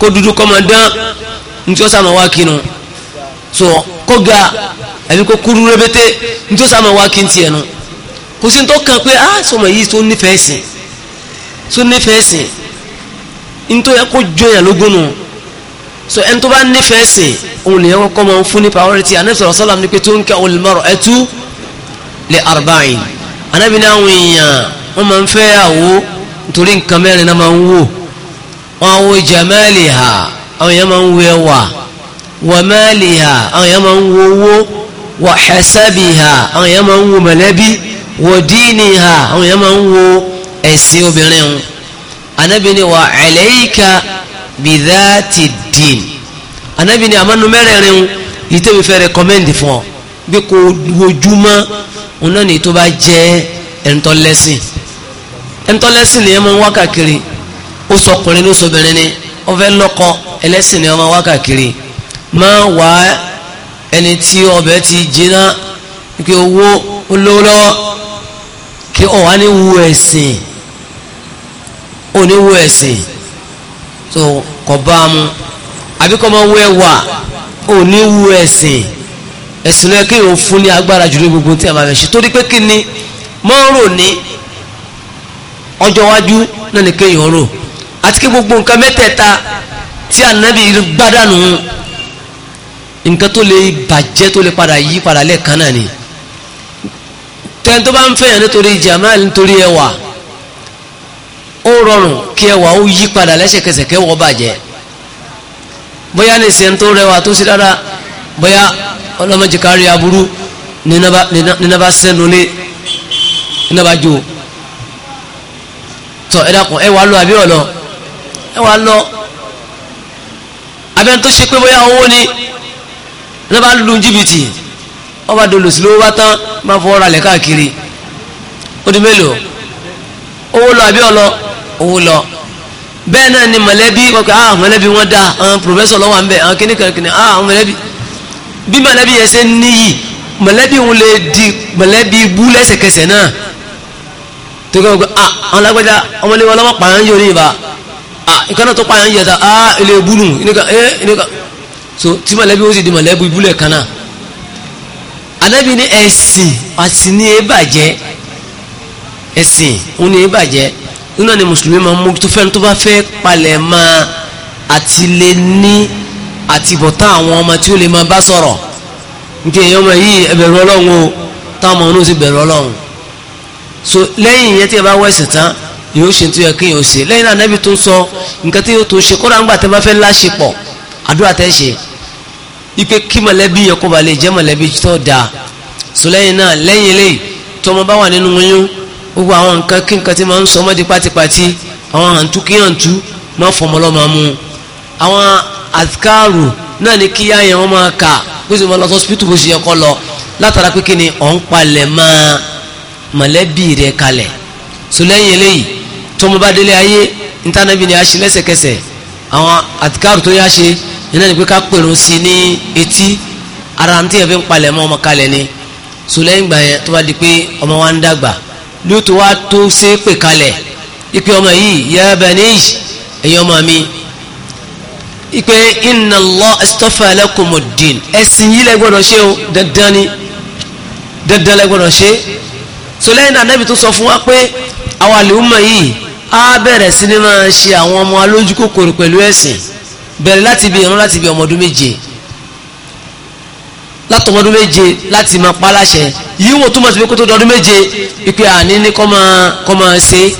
kó dúdú kọ́mọ ní tí ó sàmọ̀ wá kinu so kó ga àbí kó kúrú rẹ́bẹ́tẹ́ ní tí ó sàmọ̀ wá kin tiẹ̀ nu kò sí tó kàn pé ah sọmọ yìí tó nífẹ̀ẹ́ sìn tó nífẹ̀ẹ́ sìn ní tó yẹ kó jọyàn lógún nù so ẹni tó bá nífẹ̀ẹ́ sìn òun lè kọ́kọ́ máa ń fún ní priority anabi sọ̀rọ̀ sọ́làm ní pé tó ń kẹ́ olùmọ̀rọ̀ ẹtú lè arba'in anabi ní àwọn èèyàn wọ́n máa ń fẹ́ àwo nítorí nǹkan mẹ́rin náà máa ń wò wọ́n á wo jamaliha àwọn èèyàn máa ń wo ẹwà wa maliha àwọn èèyàn máa ń wo owó wa hasabiha àwọn èèyàn máa ń wo mọ̀lẹ́bí wa diniha àwọn èèyàn máa ń wo ẹ̀sìn obìnrin anabi ní wa bidhati din anabi ni amanu mẹ́rẹ̀ẹ̀rin yìí tẹ́mi fẹ́ rẹkọmẹ́ndì fún ọ bí kò wojúmọ́ òun náà ni tó bá jẹ́ ẹ̀ńtọ́lẹ́sìn ẹ̀ńtọ́lẹ́sìn ni ẹ máa ń wá káàkiri ó sọkùnrin ló sọbìnrin ni ó fẹ́ lọ́kọ ẹlẹ́sìn ni ẹ máa ń wá káàkiri máa wá ẹni tí ọbẹ̀ ti jiná pé owó olówó lọ́wọ́ kí wu ẹ̀sìn ó wu ẹ̀sìn so kò bá a mu àbí kò máa wọ ẹwà ò ní wú ẹ̀sìn ẹ̀sìn lọ kí òun fún ní agbára jùlọ gbogbo tí a máa fẹ́ ṣe torí pé kí ni mọ́ ń rò ní ọjọ́ iwájú náà ni kéèyàn rò àti kí gbogbo nǹkan mẹ́tẹ̀ẹ̀ta tí ànábì gbádànù nǹkan tó lè bàjẹ́ tó lè padà yí padà lẹ́ẹ̀kan náà ni tẹ́ni bá ń fẹ́yàn nítorí jamal nítorí ẹwà ó rọrùn kí ẹwà ó yí padà lẹ́sẹ̀kẹsẹ̀ kẹwọ́ bàjẹ́ bóyá ní ìsìn tó rẹwà tó ṣe dára bóyá ọlọ́mọdé kárí aburú nínú bá sẹ́nu lé nínú bá jó tọ ẹ dákun ẹ wà lọ àbí ọ̀lọ́ ẹ wà lọ abẹ́ni tó ṣe pé bóyá owó ni nínú bá lu jìbìtì wọ́n bá dolòsí lówó bá tán máa fọwọ́ ra lẹ̀ káàkiri ó di mélòó owó lọ àbí ọ̀lọ́ owó lọ bẹ́ẹ̀ náà ni mọ̀lẹ́bí wọ́n pẹ́ ah mọ̀lẹ́bí wọ́n dá àwọn pòfẹ́sọ̀ lọ́wọ́ ń bẹ̀ àwọn kíní kan kíní ah àwọn mọ̀lẹ́bí bí mọ̀lẹ́bí yẹn ṣe níyì mọ̀lẹ́bí wọn lè di mọ̀lẹ́bí bú lẹ́sẹ̀kẹsẹ̀ náà tó kọ́ pé ah àwọn lágbájá ọmọlẹ́wọ́ ọlọ́wọ́ pààyàn yóò ní ìbá ah ìkànnà tó pààyàn yẹ ta ah ilé búlù ìníkan eh ìníkan so tí mọ̀lẹ́bí wọn sì di mọ̀lẹ́bí búlẹ̀ kan náà ni ẹ̀sìn àti ní ebàjẹ́ ẹ̀sìn òun ní nínú ni mùsùlùmí máa ń mú tó fẹ́ni tó bá fẹ́ palẹ̀ máa àti lè ní àtibọ̀tán àwọn ọmọ tí ó lè máa bá sọ̀rọ̀ nke èèyàn ọmọ yìí ẹbẹ̀rù ọlọ́run o táwọn ọmọ náà sì bẹ̀rù ọlọ́run so lẹ́yìn ìyẹn tí ẹ bá wọ ẹ̀sìn tán yóò ṣe tó yẹ kí yóò ṣe lẹ́yìn náà nẹ́bí tó ń sọ nǹkan tí yóò tó ṣe kódà ńgbà tẹ́ bá fẹ́ láṣepọ̀ àdúrà tẹ́ ṣe ipe kí mọ̀lẹ́bí yẹn kó ba lè jẹ́ mọ̀lẹ́bí tó dáa so lẹ́yìn náà lẹ́yìn eléyìí tọmọ bá wà nínú oyún gbogbo àwọn nǹkan kí nǹkan tí máa ń sọ ọmọdé pátípátí àwọn àǹtú kí àǹtú máa fọmọ lọ́mọ mú àwọn àtikáàrù náà ní kíyá yẹn wọ́n máa kà bó ṣe máa lọ sọ́sìpítù bó ṣe yẹ kọ́ lọ látara pé kí ni ọ̀ ń palẹ̀ máa mọ̀lẹ́bí rẹ̀ kalẹ̀ so lẹ́yìn eléyìí tó bá délé ayé ntánàbí ni a ṣe lẹ́sẹ̀kẹsẹ̀ àwọn àtikáàrù tó yá ṣe iná ni pé ká pèrún sí ní etí ara ntí yẹn fi ń palẹ̀ mọ́ ọmọ kalẹ̀ ni so lẹ́yìn gbà yẹn tó bá di pé ọmọ wa ń dàgbà ló tó wá tó ṣe pè kalẹ̀ ipe ọmọ yìí ya baniy ẹ̀yin ọmọ mi ipe inna Allah istafa lakumud din ẹ̀sìn yìí lẹ gbọ́dọ̀ ṣe o dandan ni dandan lẹ ṣe so lẹ́yìn náà nẹ́bi tó sọ fún wa pé àwọn àlùmọ̀ yìí á bẹ̀rẹ̀ sí ni máa ṣe àwọn ọmọ alójú kòkòrò pẹ̀lú ẹ̀sìn bẹ̀rẹ̀ láti ibi ìran láti ibi ọmọ méje látọmọdún méje láti máa pa láṣẹ yìí wò túmọ̀ sí pé kó tó dọdún méje ìpè àní ní kọ́ máa kọ́ máa ṣe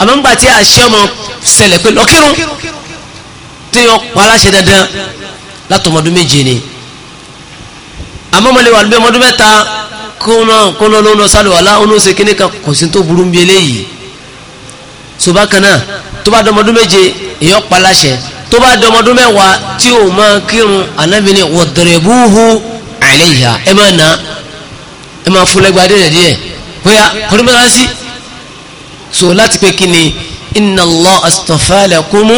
àmọ́ ńgbà tí àṣẹ ọmọ ṣẹlẹ̀ pé lọ́kírun tí wọ́n pa láṣẹ dandan látọmọdún méje ni àmọ́ mo lè wà níbi ọmọdún mẹ́ta kó náà kó náà ló ń lọ sálò wàlá ó ń ṣe kíní kan kò sí tó burú bí eléyìí tó bá kan náà tó bá dọmọdún méje èèyàn pa láṣẹ tó bá dọmọdún mẹ́wàá tí ò máa kírun ànábìíní wọ̀dẹ̀rẹ̀ búhú àìlẹ́yà ẹ máa nà ẹ máa fún lẹ́gbàá díẹ̀ díẹ̀ bóyá kọ́dúnmọ́lásí so láti pé kí ni inna Allah astafa lakumu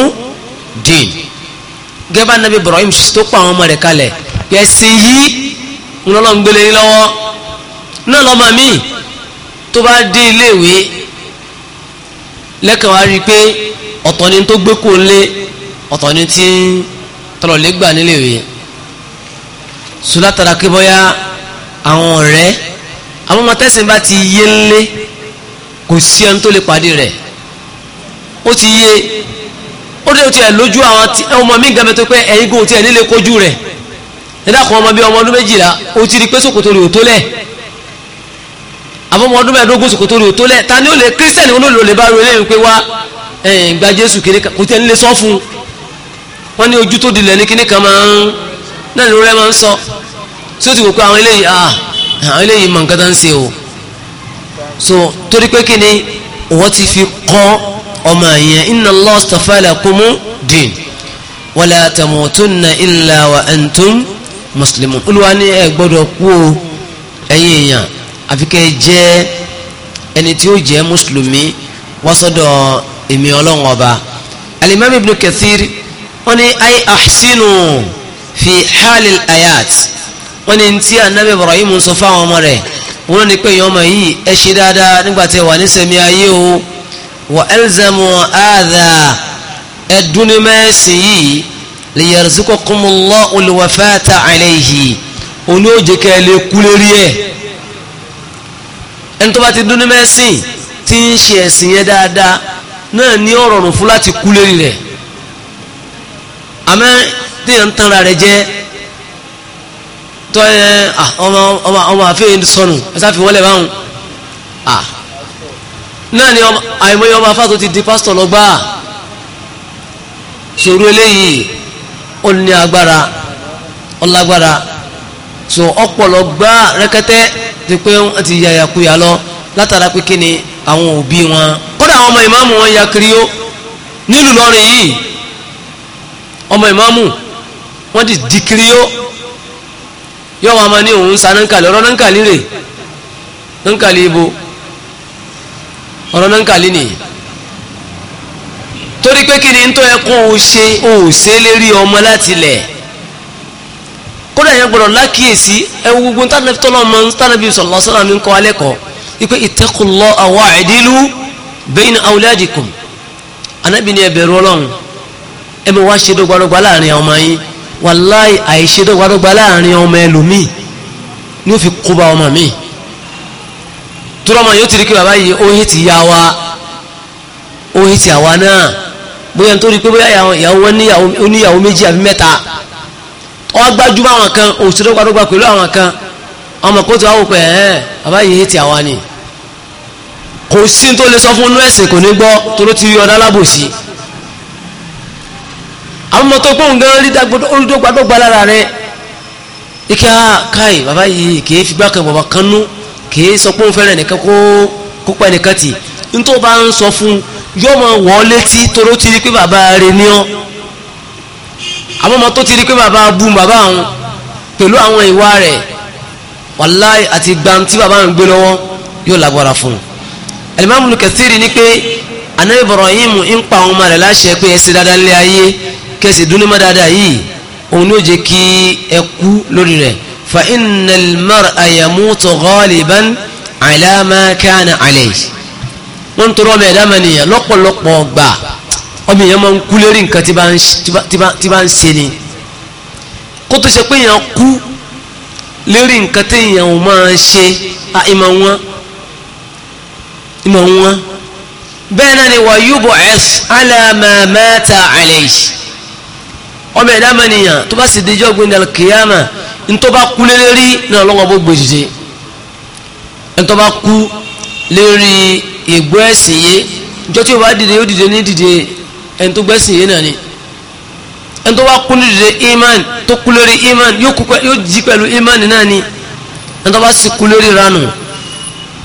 din gẹ́gẹ́ bá nàbí Ibrahim tó pa àwọn ọmọ rẹ̀ kalẹ̀ ẹ̀sìn yìí ńlọ́lọ́ ń gbélé lọ́wọ́ náà lọ́mọ mi tó bá dé iléèwé lẹ́kàn wá rí i pé ọ̀tọ̀ ni tó gbé kó lé ọ̀tọ̀ ni tí tọ̀lọ̀lẹ́gbà níléèwé so látara pé bóyá àwọn ọ̀rẹ́ àwọn ọmọ tẹ́sìn bá ti yé ńlé kò sí ẹni tó lè pàdé rẹ̀ ó ti yé ó dé tiẹ̀ lójú àwọn ọmọ mi gan mẹ́tọ́ pé ẹ̀yin kò tiẹ̀ nílé kojú rẹ̀ nígbà kan ọmọ bíi ọmọ ọdún méjìlá ó ti rí pé ṣòkòtò rẹ̀ ò tó lẹ̀ àwọn ọmọ ọdún mẹ́ẹ̀ẹ́dógún ṣòkòtò rẹ̀ ò tó lẹ̀ ta ni ó lè kírísítẹ̀nì olóòlò lè bá ro eléyìí pé wá gba jésù kiri kò tiẹ̀ nílé sọ́ wọn ní ojú tó dilẹ̀ ní kíní kan máa ń náà ló rẹ́ máa ń sọ tí ó ti wò pé àwọn eléyìí ah àwọn eléyìí mọ̀ nǹkan tó ń ṣe o so torí pé kí ni wọ́n ti fi kọ́ ọmọ yẹn inna Allah istafa lakumu din wala tamutunna illa wa antum muslimun olúwa ní ẹ gbọ́dọ̀ kú o ẹ̀yin èèyàn àfi kẹ́ ẹ jẹ́ ẹni tí ó jẹ́ mùsùlùmí wá sọ́dọ̀ èmi ọlọ́run ọba alimami ibn kathir wọ́n ní ay ahsinu fi halil ayat wọ́n ní tí anabi ibrahim sọ fáwọn ọmọ rẹ̀ wọ́n ní pé ìyọ́mọ yìí ẹ ṣe dáadáa nígbà tí ẹ wà ní sẹ̀mí ayé o wà ẹlzẹ̀mù àdà ẹ̀dúnimẹ́sì yìí lè yẹ̀rẹ̀sìkò kúmùlọ́ olùwàfẹ́ta àlẹ́yìí olóòjìká ẹ lè kú lérí ẹ̀ ẹni tó bá ti tí ń ṣe ẹ̀sìn yẹn dáadáa náà ní ọ̀rọ̀rùn fún láti kú lérí rẹ̀ àmẹ́ téèyàn ń tanra rẹ̀ jẹ́ tọ́ ẹ ọmọ ọmọ ọmọ àfẹ́yìn sọnù ẹ sáfi wọlé báwọn náà ni àìmọye ọmọ afá tó ti di pásítọ̀ lọ gbáà eléyìí ó ní agbára ọlágbára so ọpọlọ gbá rẹkẹtẹ ti pé wọn ti yàyà kuyà lọ látara pé kí ni àwọn òbí wọn kódà àwọn ọmọ ìmáàmù wọn ya kiri ó nílùú lọrin yìí ọmọ ìmáàmù wọ́n ti di kiri yó yóò wọn máa ní òun sa nankali ọ̀rọ̀ nankali rè nankali ibo ọ̀rọ̀ nankali nìyí torí pé kí ni ń tó yẹ kó o ṣe o ò ṣe é lérí ọmọ láti lẹ̀ kódà yẹn gbọdọ̀ lákìyèsí ẹwù gbogbo ntànàbí tọ́lọ́mọ ntànàbí sallallahu alaihi wasallam kọ́ alẹ́ kọ́ ipe ittaqullah wa i'dilu bayna awladikum anábìíní ẹ̀bẹ̀rù ọlọ́run ẹ wá ṣe dọ́gbadọ́gba láàrin àwọn ọmọ yín wàláì àìṣedọ́gbàdọ́gba láàrin ọmọ ẹlòmíì ní ó fi kóbá ọmọ mi tọ́lọ́mọ yóò ti rí kí bàbá yìí ó hí ti ya wa ó hí ti àwa náà bóyá tó rí pé bóyá ìyàwó oníyàwó méjì àbí mẹ́ta ọ gbájúmọ́ àwọn kan òṣèdọ́gbàdọ́gba pẹ̀lú àwọn kan ọmọ kóòtù àwọn òpè ẹ̀ẹ́ bàbá yìí ti àwa ni kò sí tó lè sọ fún nọ́ọ̀sì kò ní gbọ́ tó ló ti rí ọ̀dá alábòsí àwọn ọmọ tó gbóhùn gan rí olùdógbàdógbà lára rẹ ike a ah, káì bàbá yìí kìí fi gbákan bàbá kan nú kìí sọ pé òun fẹ́rẹ̀ nìkan kó kópa nìkan tì n tó bá ń sọ fún yóò mọ wọ́ létí toró ti rí pé bàbá rẹ ní ọ́ àwọn ọmọ tó ti rí pé bàbá bú bàbá àwọn pẹ̀lú àwọn ìwà rẹ̀ wàláì àti gbàǹtí bàbá ń gbé lọ́wọ́ yóò lágbára fún un Al-Imam ni pé Ànábì Ibrahim ń pa ọmọ rẹ̀ láṣẹ pé ẹ kẹsì dúnú mọ́ dáadáa yìí òun ni ó jẹ́ kí ẹ kú lórí rẹ̀ fa innal mar'a yamutu ghaliban ala ma kana alayhi wọ́n ń tọrọ ọmọ ẹ̀dá mẹ́niyàn lọ́pọ̀lọpọ̀ gbà ọmọ èèyàn máa ń kú lérí nǹkan tí bá ń ṣe ni kó tó ṣe pé èèyàn kú lérí nǹkan tí èèyàn ò máa ṣe à ìmọ̀ wọn ìmọ̀ wọn bẹ́ẹ̀ náà ni wà yúbọ̀ ẹ̀f ala ma mata alayhi ọmọ ẹ̀dá mẹ́niyàn tó bá sì dijọ́ gbé ndàlù kìyàmà ntọ́ bá kú lérí náà lọ́wọ́ bó gbé ntọ́ bá kú lérí ìgbọ́ ẹ̀sìn yé njọ́ tí o bá dìde yóò dìde ní dìde iman tó kú lérí iman iman bá sì kú lérí ranù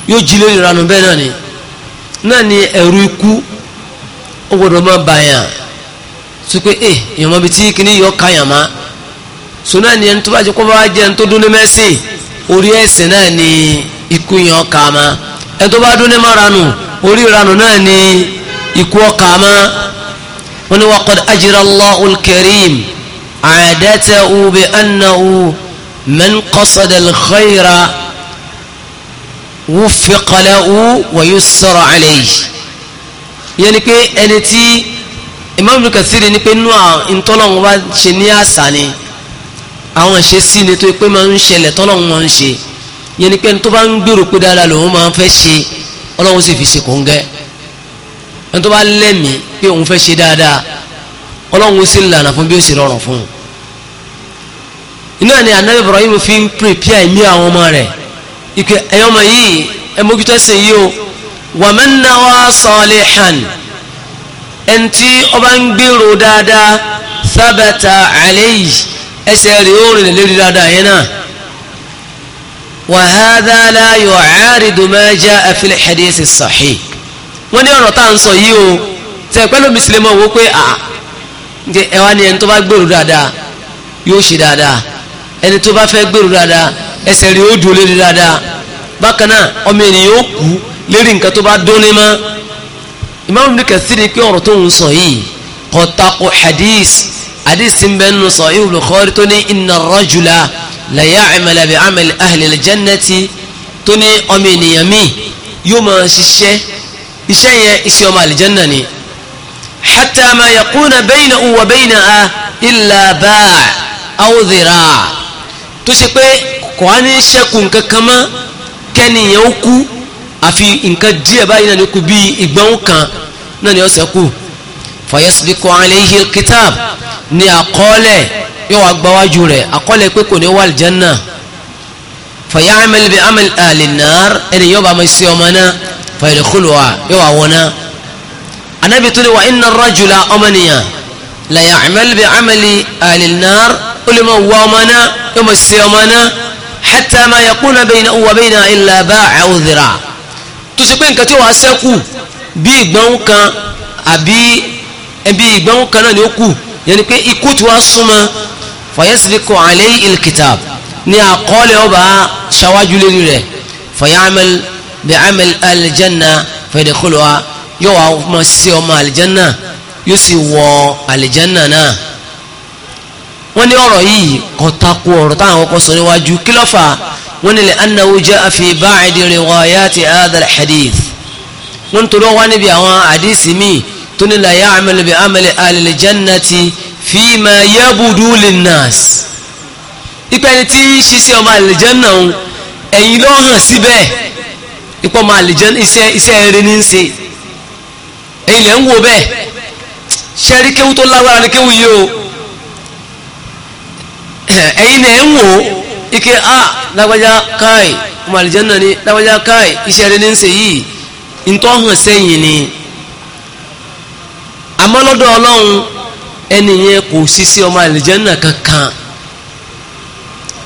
yóò jí lérí ranù bẹ́ẹ̀ sọ pé ẹ eh, èèyàn mọ ibi tí kìíní yọ ká yàn má so náà ni ẹni tó bá jẹ kó bá jẹ ẹni tó dún ní mẹ́sìn orí ẹ̀sìn náà ni ikú yàn ká má ẹni tó bá dún ní máranu ni ikú ọ̀ká má wọn ni waqad ajra Allahul Karim عادته بأنه من قصد الخير وفق له ويسر عليه يعني كي أنتي Imam Ibn Kathir ni pé nínú ìtọ́lọ́run wá ṣe ní àṣà ni àwọn ṣe sí ni tó pé máa ń ṣẹlẹ̀ tọ́lọ́run wọn ń ṣe yẹn ni pé tó bá ń gbèrò pé dáadáa lòun máa ń fẹ́ ṣe ọlọ́run sì fi ṣe kòńgẹ́ ẹni tó bá lẹ́mìí pé òun fẹ́ ṣe dáadáa ọlọ́run sì lànà fún bí ó sì rọrùn fún un iná ni anabi Ibrahim fi ń prepare ẹ̀mí àwọn ọmọ rẹ̀ ìpè ẹ̀yọ́mọ yìí ẹ̀mọ́gítọ́sìn yìí o wa man nawa salihan ẹni tí ọba ń gbèrò dáadáa sábàtà àléyìí ẹsẹ̀ rẹ̀ ó rìn lórí dáadáa yẹn náà wàhádà láyò àárídùmájá àfilẹ̀ hadisi sàhí wọ́n ní ọ̀rọ̀ tá à ń sọ yìí o tẹ̀ pẹ́lú mùsùlùmí wò pé à ah, ẹ wá ní ẹni tó bá gbèrò dáadáa yóò ṣe dáadáa ẹni tó bá fẹ́ gbèrò dáadáa ẹsẹ̀ rẹ̀ ó dùn lórí dáadáa bákan náà ọmọ ènìyàn ó kú lérí nǹkan tó bá dún ní mọ́ imam ibn Kathir ni pé ọ̀rọ̀ tó ń sọ yìí kọtako hadith hadith ń bẹ nínú Sahih Bukhari tó ní inna ar-rajula la ya'malu bi 'amali ahli al-jannati tó ní ọmọ ènìyàn míì yóò máa ṣiṣẹ́ iṣẹ́ yẹn iṣẹ́ ọmọ àlìjẹ́nà ni hatta ma yakuna baynahu wa baynaha illa ba' aw dhira' tó ṣe pé kò á ní ṣẹ́kù nǹkan kan mọ́ àfi nǹkan díẹ̀ báyìí náà ní kú bí ìgbọ́n kan náà ní ọ̀sẹ̀ kù fayasbiqu alayhi alkitab ní àkọọ́lẹ̀ yóò wá gbáwájú rẹ̀ àkọọ́lẹ̀ pé kò ní wà aljanna fayamal bi amal alinar ẹni yóò bá ma ṣe ọmọ náà fayadkhuluha yóò wá wọ́n náà anabi tó ní wa inna rajula ọmọnìyàn la ya'mal bi amali alinar ó lè ma wá ọmọ náà yóò ma ṣe ọmọ náà hatta ma yakuna bayna wa bayna illa ba'u dhira' tó ṣe pé nǹkan tí ó wà sẹ́kù bí ìgbọ́n kan àbí ẹbí ìgbọ́n kan náà ni ó kù yẹn ni pé ikú tí wọ́n súnmọ́ fayasbiqu alayhi al-kitab ní àkọọ́lẹ̀ ọba ṣáwájú lérí rẹ̀ fayamal bi'amal aljanna fayadkhuluha yóò wá ọmọ sí ọmọ aljanna yóò sì wọ aljanna náà wọ́n ní ọ̀rọ̀ yìí kò tako ọ̀rọ̀ táwọn kọ́ sọ níwájú kí wọ́n ní annahu jaa fi ba'di riwayati hadha al-hadith wọ́n tó lọ́wọ́ níbi àwọn àdísì míì tó ní la ya'malu bi amali ahli jannati fima yabdu linnas ipa ẹni tí ṣiṣẹ́ ọmọ àlìjẹ́nà òun ẹ̀yìn ló hàn síbẹ̀ ipa ọmọ àlìjẹ́nà iṣẹ́ iṣẹ́ eré ní ṣe ẹ̀yìn lẹ́ ń wo bẹ́ẹ̀ ṣe rí tó lágbára ní kéwú yìí o ẹ̀yìn lẹ́ ń wò ike a ah, lágbájá kai ọmọ àlìjẹ́nà ni lágbájá kai iṣẹ́ rẹ̀ ní ń ṣe yìí nǹkan hàn sẹ́yìn ni àmọ́ lọ́dọ̀ ọlọ́run ẹni yẹn kò sí sí ọmọ àlìjẹ́nà kankan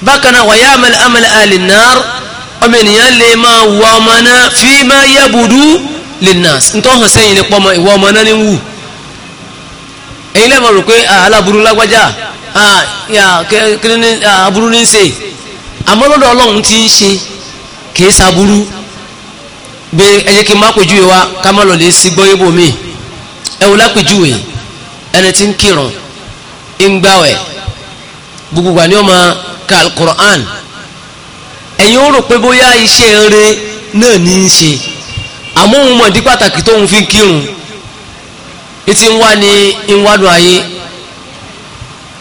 bákan náà wàyà amẹ́lẹ́ amẹ́lẹ́ àlìnàr ọmọ ènìyàn lè máa wà ọmọ náà fi máa yẹ budu lè nà nǹkan hàn sẹ́yìn ni pọ́ ọmọ ìwà ọmọ náà ní wù èyí lẹ́mọ̀ rò pé ah, aláburú lágbájá Ah, ah, aburú ní ṣe àmọ́ lọ́dọ̀ ọlọ́run ti ń ṣe kìí saburú gbé ẹjẹ́ kí n má pèjúwe wa ká má lọ́ọ́ lè sí gbọ́ yébò mi ẹ wò lápèjúwe ẹni tí ń kírun ń gbàwẹ̀ gbogbo gbà ni ó máa ka alukur'an ẹ̀yin ó rò pé bóyá iṣẹ́ eré náà ní í ṣe àmọ́ òun mọ̀ ní pàtàkì tóun fi ń kírun etí ń wá ní ń wádùn ayé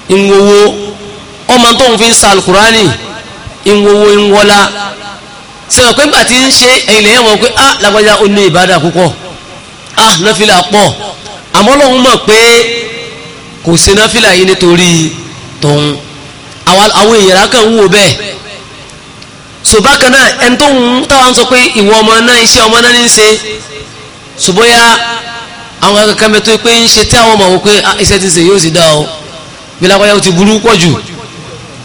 ìwòwò ọmọ tó ń fi ń sa alukurani ìwòwò ìwọlá sẹ́wọ̀n pé nígbà tí ń ṣe ẹ̀yìn lẹ́yìn pé ah lágbájá ó ní ìbádà púpọ̀ ah náfìlà pọ̀ àmọ́ lọ́hún mọ̀ pé kò sí náfìlà yìí nítorí tòun àwọn èèyàn kan ń wò bẹ́ẹ̀ so bákan náà ẹni tó ń táwọn sọ pé ìwọ ọmọ náà iṣẹ́ ọmọ náà ní ṣe ṣùgbọ́n ya àwọn akẹ́kẹ́ mẹ́tọ́ pé ń ṣe tí àwọn ọmọ wò pé ah, iṣẹ́ ti ṣe yóò sì dá o bí lágbáyà ó ti burú pọ̀ jù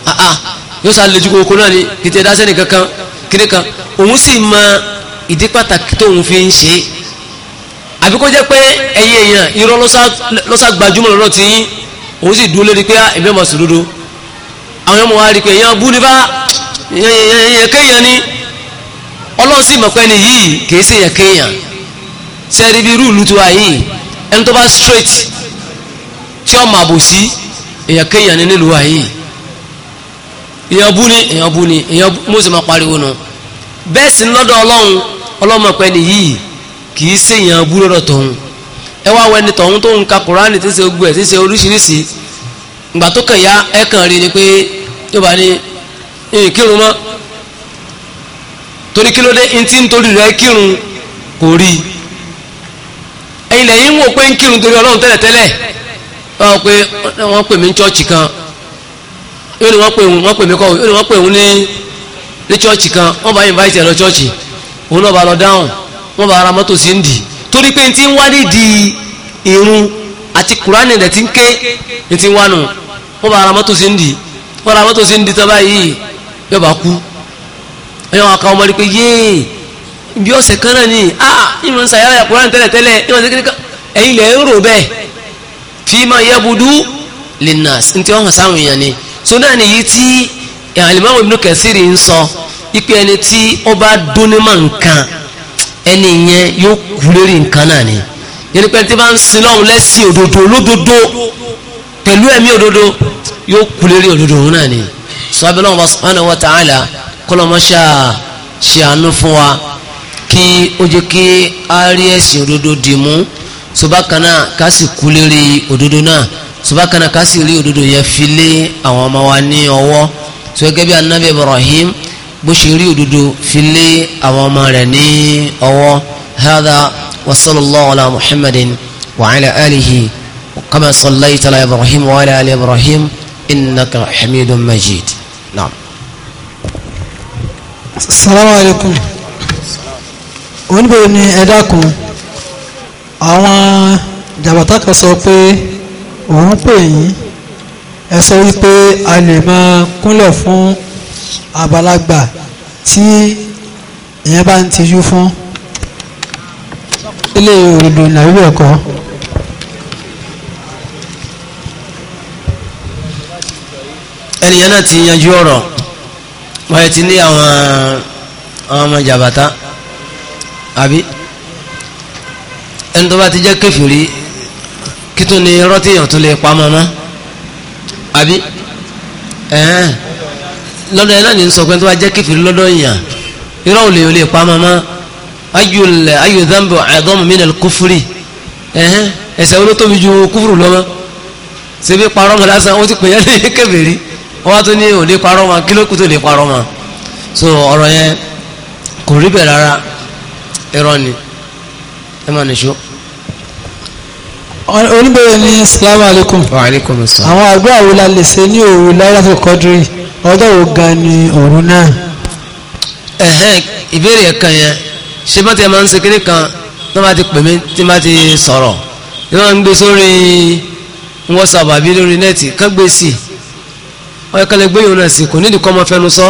àà ah, ah, yóò sá lójú kókó náà ni kìtì ẹ̀dá sẹ́nì kankan kíní kan òun sì mọ ìdí pàtàkì tóun fi ń ṣe àbí kó jẹ́ pé ẹ̀yin èèyàn irọ́ lọ́sà gbajúmọ̀ lọ́dọ̀ ti yín òun sì dúró lórí pé ẹ̀mí ah, ọmọ sòdodo àwọn ọmọ wa rí pé èèyàn bú ní bá èèyàn kéèyàn ni ọlọ́run sì mọ̀ pé ẹni yìí kìí ṣe èèyàn kéèyàn ṣe bí rúùlù tiwa yìí ẹni tó bá straight tí ọmọ àbòsí èyàn kéèyàn ní nílùú ayé èyàn bú ni èyàn bú ní èyàn ma pariwo nù bẹ́ẹ̀ sì lọ́dọ̀ ọlọ́run ọlọ́mọpẹ́ ni yìí kì í ṣe èyàn bú lọ́dọ̀ tọ̀hún ẹ wá tọ̀hún tó ń ka kuraani ya ẹ kàn rí ni pé yóò bá ní ìkírun mọ́ torí kí ló dé ntí nítorí rẹ kírun kò rí wọ́n pè wọ́n pè mí ní chọ́ọ̀chì kan yóò ní wọ́n pè wọ́n pè mí kọ́ yóò ní wọ́n kan wọ́n bá invite ẹ̀ lọ chọ́ọ̀chì òun náà lọ dáhùn wọ́n bá ara mọ́tò sí ń dì torí pé n ti ń di irun àti kùránì rẹ̀ ti ń ké n ti ń wọ́n bá ara mọ́tò sí ń dì wọ́n ara mọ́tò sí ah, ń dì tọ́ báyìí Fima yabudu linas, ntí wọn hàn sáwọn èèyàn ni so náà nìyí tí eh, alimami ibn Kathiri ń sọ ipe ẹni tí ó bá dúnímọ̀ nǹkan ẹni yẹn yóò kú lórí nǹkan náà ni yẹn ni pé tí bá ń sin lọ́hùn lẹ́sìn òdodo olódodo pẹ̀lú ẹ̀mí òdodo yóò kú lórí òdodo òun náà ni sọ abẹ́lẹ́ wọn bá subhanahu wa ta'ala kọ́lọ́mọṣà ṣe àánú fún wa kí ó jẹ́ kí a òdodo dì mú subakana ká sì kú lérí òdodo náà subakana ká sì rí òdodo yẹn fi lé àwọn ọmọ wa ní ọwọ́ tó gẹ́gẹ́ bí anabi ibrahim bó ṣe rí òdodo fi lé àwọn ọmọ rẹ̀ ní ọwọ́ hadha wa sallallahu ala muhammadin wa ala alihi kama sallaita ala ibrahim wa ala ali ibrahim innaka hamidun majid naam. salaamaleykum wọ́n ní ẹ dákun àwọn jàbàtà kan sọ pé òun pè yín ẹ sọ wípé a lè máa kúnlẹ̀ fún àgbàlagbà tí ìyẹn bá ń tijú fún ilé òrìdò ìlàwé ẹ̀kọ́. ẹnìyẹn náà ti yanjú ọ̀rọ̀ wọ́n ti ní àwọn ọmọ jàbàtà àbí ẹni tó bá ti jẹ́ kèfèrí kí tó ní irọ́ tí èèyàn tó lè pamọ́ mọ́ àbí ẹ̀hẹ́n lọ́dọ̀ ẹ̀ náà ní sọ pé tó bá jẹ́ kèfèrí lọ́dọ̀ èèyàn irọ́ ò lè ò lè pamọ́ mọ́ ayùlẹ̀ ayùdánbọ̀ àdọ́mù mí nàlẹ́ kófúrì ẹ̀hẹ́n wo ló tóbi ju kófúrù lọ́mọ́ ṣebí parọ́ mọ́ lásán ó ti pè é ní kèfèrí wọ́n tó ní ò lè parọ́ mọ́ kí tó lè parọ́ mọ́ so ọ̀rọ̀ yẹn kò rí bẹ́ẹ̀ rárá irọ́ ni ẹ máa nìṣó. oníbẹ̀rẹ̀ ní salamu alaykum. wa alaykum salaam. àwọn àgbà wo la lè ṣe ní òru láyàtọ̀ kọ́dírì ọjọ́ wo gan ni òru náà. ẹ̀hẹ́n ìbéèrè ẹ̀ka yẹn ṣé bá ti máa ń ṣe kéré kan tó bá ti pè mí tí bá ti sọ̀rọ̀ tí wọ́n ń gbé sórí whatsapp àbí lórí nẹ́ẹ̀tì kán gbé sí i ọ̀yẹ́ kan lè gbé yòó náà sí kò nídìí kọ́ ọmọ fẹnu sọ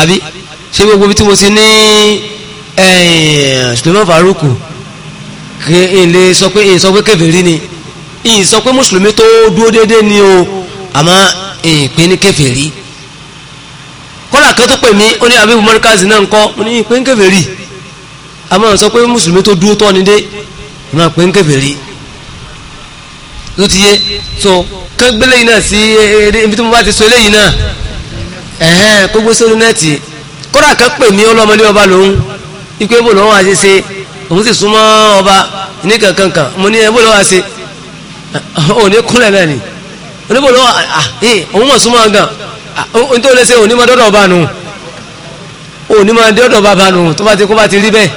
àbí ṣé gbogbo bí tí mo ti ní Suleiman Faruku èlé sọ pé èyí sọ pé kèfèrí ni èyí sọ pé mùsùlùmí tó dúró dédé ni o àmọ́ èyí pé ní kèfèrí kọ́lá kan tó pè mí ó ní abibu mọ́ríkàsì náà ń kọ́ mo ní ìpé ń kèfèrí àmọ́ sọ pé mùsùlùmí tó dúró tọ́ ni dé ìmọ̀ pé ń kèfèrí ló ti yé so kẹ́gbẹ́lẹ́ yìí náà sí eh, eh, eh, ibi tí mo bá ti so eléyìí náà ẹ̀hẹ́n kó gbé sórí nẹ́ẹ̀tì kọ́lá kan pè mí ọlọ́mọdé ọba lòun ìpé bò lọ́wọ́ àti ṣe òun sì súnmọ́ ọba ní kankankan mo ní ẹbí olówó àṣẹ ah, ò ní kúnlẹ̀ náà ni oníbò olówó àhìn ah, ah, eh, òun mọ̀ súnmọ́ gan oh, ohun tó lẹ́sẹ̀ òní máa dọ́dọ̀ ọba nù òní máa dọ́dọ̀ bàbá nù tó bá ti kó bá ti rí bẹ́ẹ̀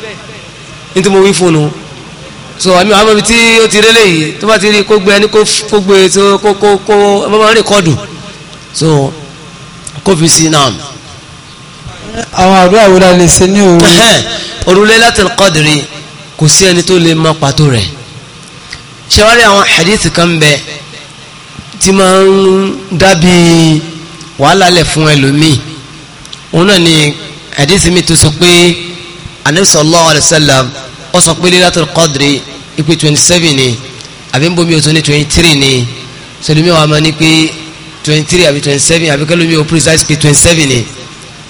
ní tí mo wí fún un so àmì àwọn ọmọbi tí ó ti rélé yìí tó bá ti rí kó gbé ẹni kó gbé tí kó kó kó ọmọ máa ń rìkọ́dù so kó fi sí náà àwọn àdúrà wo la lè ṣe ní òru. òrùlé láti kọ́dìrì kò sí ẹni tó lè mọ pàtó rẹ̀ ṣẹwárí àwọn hadith kan bẹ tí máa ń dábì wàhálà lẹ̀ fún ẹlòmíì òun náà ni hadith mi tó sọ pé anabi sallallahu alayhi wa sallam ó sọ pé Lailatul Qadri ipe twenty seven ni àbí ń o tó ní twenty three ni sọlọ́mi wa máa ní pé twenty three àbí twenty seven àbí kẹ́lómi o precise pé twenty seven ni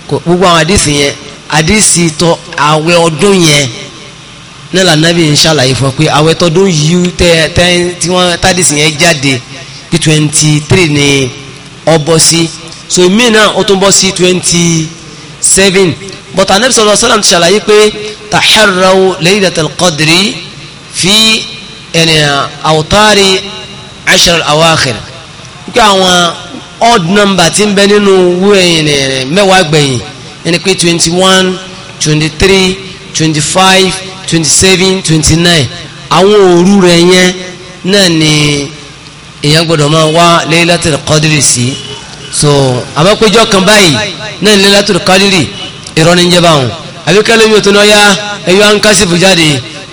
gbogbo àwọn hadith yẹn hadith tó àwẹ̀ ọdún yẹn náà lànàbí ń ṣàlàyé fún ọ pé àwẹ̀ tọdún yìí tẹ tẹ tí wọ́n tádìsì yẹn jáde bí twenty three ni ọ bọ́ sí so mí náà ó tún bọ́ sí twenty seven but anabi sallallahu alaihi wasallam ti ṣàlàyé pé taharraw laylatul qadri fi ẹni àwòtárí ashar al-awakhir nígbà àwọn odd number ti ń bẹ nínú wú ẹ̀yìn mẹ́wàá gbẹ̀yìn ẹni pé twenty one twenty three twenty five twenty seven twenty nine àwọn òru rẹ̀ yẹn náà ni èèyàn gbọ́dọ̀ máa wá Laylatul Qadri sí so àbápéjọ kan báyìí náà ni Laylatul Qadri ìrọ́ ni ń jẹ́ báwọn àbíkálẹ̀ mi ò tó ní ọ̀yá ẹ̀yọ́ ankásìfù jáde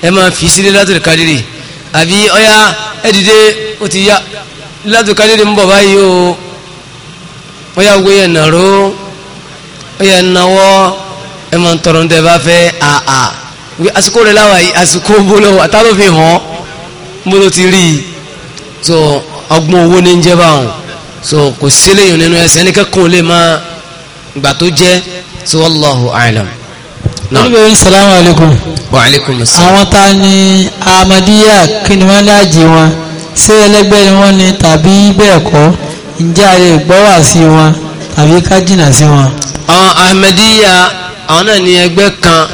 ẹ máa fi sí Laylatul Qadri àbí ọ̀yá ẹ̀ dìde ó ti yá Laylatul Qadri ń bọ̀ báyìí o ọ̀yá gbé yẹn nàró ọ̀yá náwó ẹ̀ máa ń tọrọ àsìkò rẹ̀ láwà yìí àsìkò bólọ̀ wà fi hàn bó ti rí so ọgbọ́n owó ní jẹ́ báwọn so kò sí eléyìí nínú ẹsẹ̀ ẹni kẹ́kọ̀ọ́ lè máa gbà tó jẹ́ so wallahu a'lam. olùbẹ̀rẹ̀ salamu alaykum. wa alaykum assalam. àwọn ta ni amadiya kí ni wọ́n láàjì wọn ṣé ẹlẹ́gbẹ́ ni wọ́n ní tàbí bẹ́ẹ̀ kọ́ ǹjẹ́ a gbọ́ wá sí wọn tàbí ká jìnnà sí wọn. àwọn ahmadiyya àwọn náà ní ẹgbẹ́ kan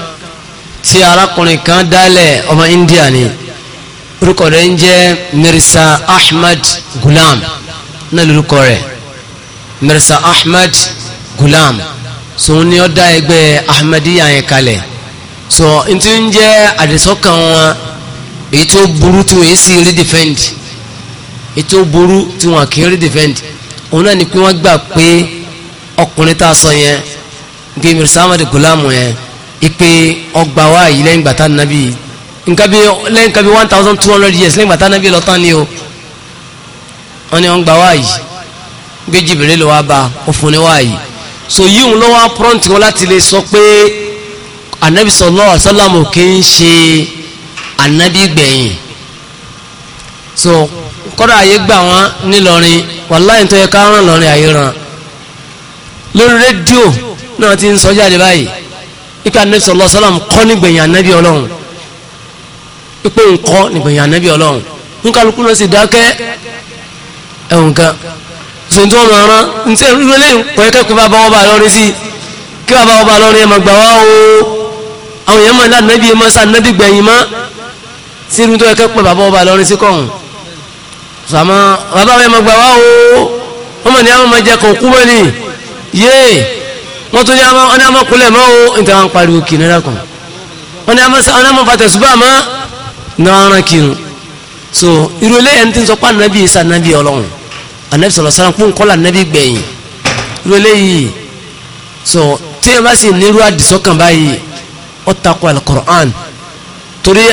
tí arákùnrin kan dálẹ̀ ọmọ India ni orúkọ rẹ̀ ń jẹ́ Mirza Ahmad Gulam náà lórúkọ rẹ̀ Mirza Ahmed Gulam sòun ni ó dá ẹgbẹ́ yẹn kalẹ̀ so n ti ń jẹ́ àdìsọ́kàn wọn èyí tó burú tí wọ́n yé rí defend èyí tó burú tí wọ́n kì í rí defend òun náà ni pé wọ́n gbà pé ọkùnrin tá a sọ yẹn gbé Mirza Ahmad Gulam yẹn ipe ọgbà wa yìí lẹ́yìn gbàtà nàbí nǹkan bí lẹ́yìn kan bí one thousand two hundred years lẹ́yìn gbàtà nàbí lọ́tàn ni o wọ́n ní ọgbà wa yìí gbé jìbìrì ló wá bá òfin ni wa yìí so yíyún ló wá prompt wọn láti lè sọ pé anabi sallallahu alaihi wasallam kì í ṣe anabi gbẹ̀yìn so kọ́dọ̀ àyè gbà wọ́n nílọrin wàláyé tó yẹ ká ràn lọ́rin àyè ràn lórí rédíò náà ti ń sọ jáde báyìí ika anabi sallallahu alaihi wasallam kọ́ nígbẹ̀yìn anabi ọlọ́run ipe nkọ́ nígbẹ̀yìn anabi ọlọ́run nkálukú náà sì dákẹ́ ẹ̀wọ̀n kan sèǹtì wọn máa rán ntí ìrọ̀lẹ́ kọ̀yẹ́kẹ́ kí bàbá wọn bá sí kí bàbá wọn bá lọ́rí gbà wá o àwọn èèyàn máa dá anabi ẹ̀ máa sá anabi gbẹ̀yìn má sí irun tó yẹ kẹ́ pẹ́ bàbá wọn bá sí kọ́hún sàmọ́ bàbá wọn ẹ̀ máa gbà wá o wọ́n mọ̀ ní àwọn máa jẹ kàn kú mọ́ yéé wọ́n tó ní amákúnlẹ̀ mọ́ o ní tàwọn pariwo kì náírà kan wọ́n ní amọ́fàtẹ̀sùbà mọ́ náírà kìnnù so ìrọ̀lẹ́ ẹni tí ń sọ pé ànábì ìsà ànábì ọlọ́run ànábì sọ̀rọ̀ sọ́rọ̀ pé nǹkan lànábì gbẹ̀yìn ìrọ̀lẹ́ yìí so tí ẹ bá sì nírú àdìsọ́kàn báyìí ó takò alukur'an torí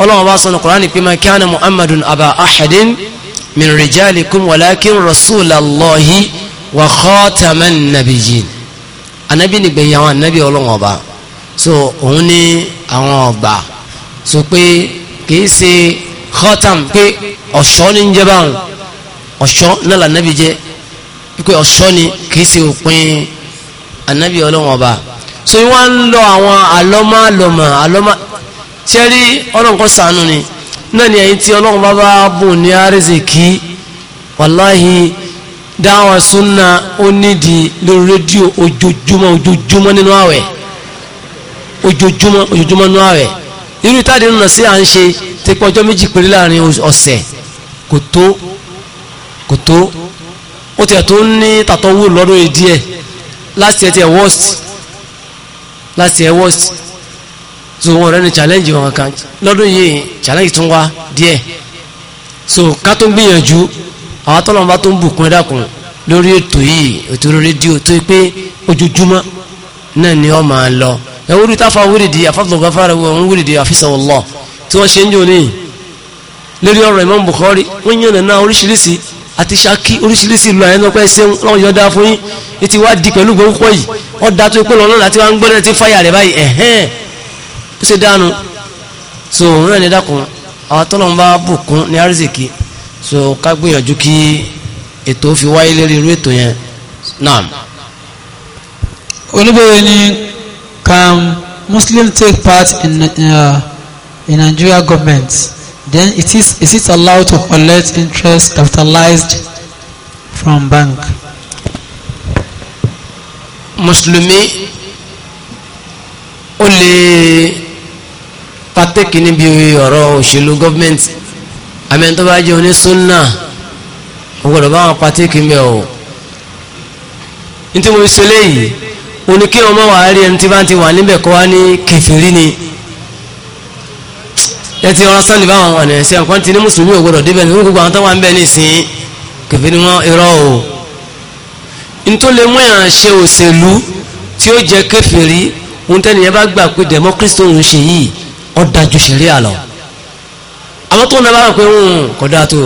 ọlọ́run bá sọ̀rọ̀ kur'an pé máa kana muhammadun aba ahadin min rijalikum walakin rasulallahi wa khataman nabiyyin anabi nìgbẹ̀yìn àwọn anabi ọlọ́wọ́n ọba so òun ní àwọn ọgbà so pé kìí ṣe khatam pé ọ̀ṣọ́ ní jẹ́ báwọn ọ̀ṣọ́ náà là anabi jẹ́ pé ọ̀ṣọ́ ni kìí ṣe òpin anabi ọlọ́wọ́n ọba so wọ́n ń lọ àwọn alọ́mọ́alọ́mọ́ alọ́mọ́ tẹ́rí ọlọ́nkọ́ sànú ni náà ni ẹ̀yìn tí ọlọ́run bá bá bùn ní àrísìkí wàláhìí dáwọn súnà ó nídìí lórí rédíò ojoojúmọ́ ojoojúmọ́ nínú àwẹ̀ ojoojúmọ́ ojoojúmọ́ nínú àwẹ̀ irú ìtàdé nínú sí à ń ṣe ti pọ̀ ọjọ́ méjì péré láàrin ọ̀sẹ̀ kò tó kò tó ó tiẹ̀ tó ń ní tàtọ́wò lọ́dún yìí díẹ̀ last year tiẹ̀ worst last year worst so wọn rẹ ni challenge wọn kan lọ́dún yìí challenge tún wá díẹ̀ so ká tó gbìyànjú àwọn tọ́lọ́run bá tó ń bùkún ẹ̀dàkùn lórí ètò yìí ètò rédíò tó pé ojoojúmọ́ náà ni ọ máa lọ ẹ wúri táfa wúrìdì àfàbùdọ̀gá fara wọn wúrìdì àfisàwọ̀lọ́ tí wọ́n ṣe ń jò ní lórí ọ̀rọ̀ Imam Bukhari wọ́n yànnà náà oríṣiríṣi àti ṣákí oríṣiríṣi ìlú àyẹ̀nà pẹ́ ṣe wọ́n yọ dáa fún yín etí wá di pẹ̀lú gbogbo yìí wọ́n da tó pé lọ́nà láti wá ń gbọ́dọ̀ tí fáyà rẹ̀ báyìí ẹ̀hẹ́n ó ṣe dánu so òun náà ní dákun àwọn tọ́lọ́mùbá bùkún ní àrísìkí so ká gbìyànjú kí ètò fi wáyé lérí irú ètò yẹn naam. oníbẹ̀rẹ̀ ni can Muslims take part in, uh, in Nigeria government then it is, is it allowed to collect interest capitalized from bank. mùsùlùmí ó lè pàtẹ́kì níbi ọ̀rọ̀ òṣèlú gọ́ọ̀mẹ̀ntì àmì tó bá jẹ́ onísúnà ó gbọ́dọ̀ bá wọn pàtíkì mẹ́ o ní tí mo ń sọlé o ní kí wọn máa wà á rí ẹni tí bá ti wà níbẹ̀ kọ́ wá ní kẹfìrí ni ẹ ti ọ̀rọ̀ sọ́ọ̀nì báwọn wà ní ẹ̀sẹ̀ nǹkan ti ní mùsùlùmí ò gbọ́dọ̀ débẹ̀ ní gbogbo àwọn tó wà ń bẹ̀ nísìnyí kẹfìrí wọn irọ́ o nítorí lè mú ẹ̀hàn ṣe òṣèlú tí ó jẹ́ kẹfìrí ohun tẹ́niyẹn bá gbà pé democracy tó ń ṣe yìí ó dájú ṣẹ̀ríà lọ àwọn tó ń dábàá pé ń kọ́ dáa tó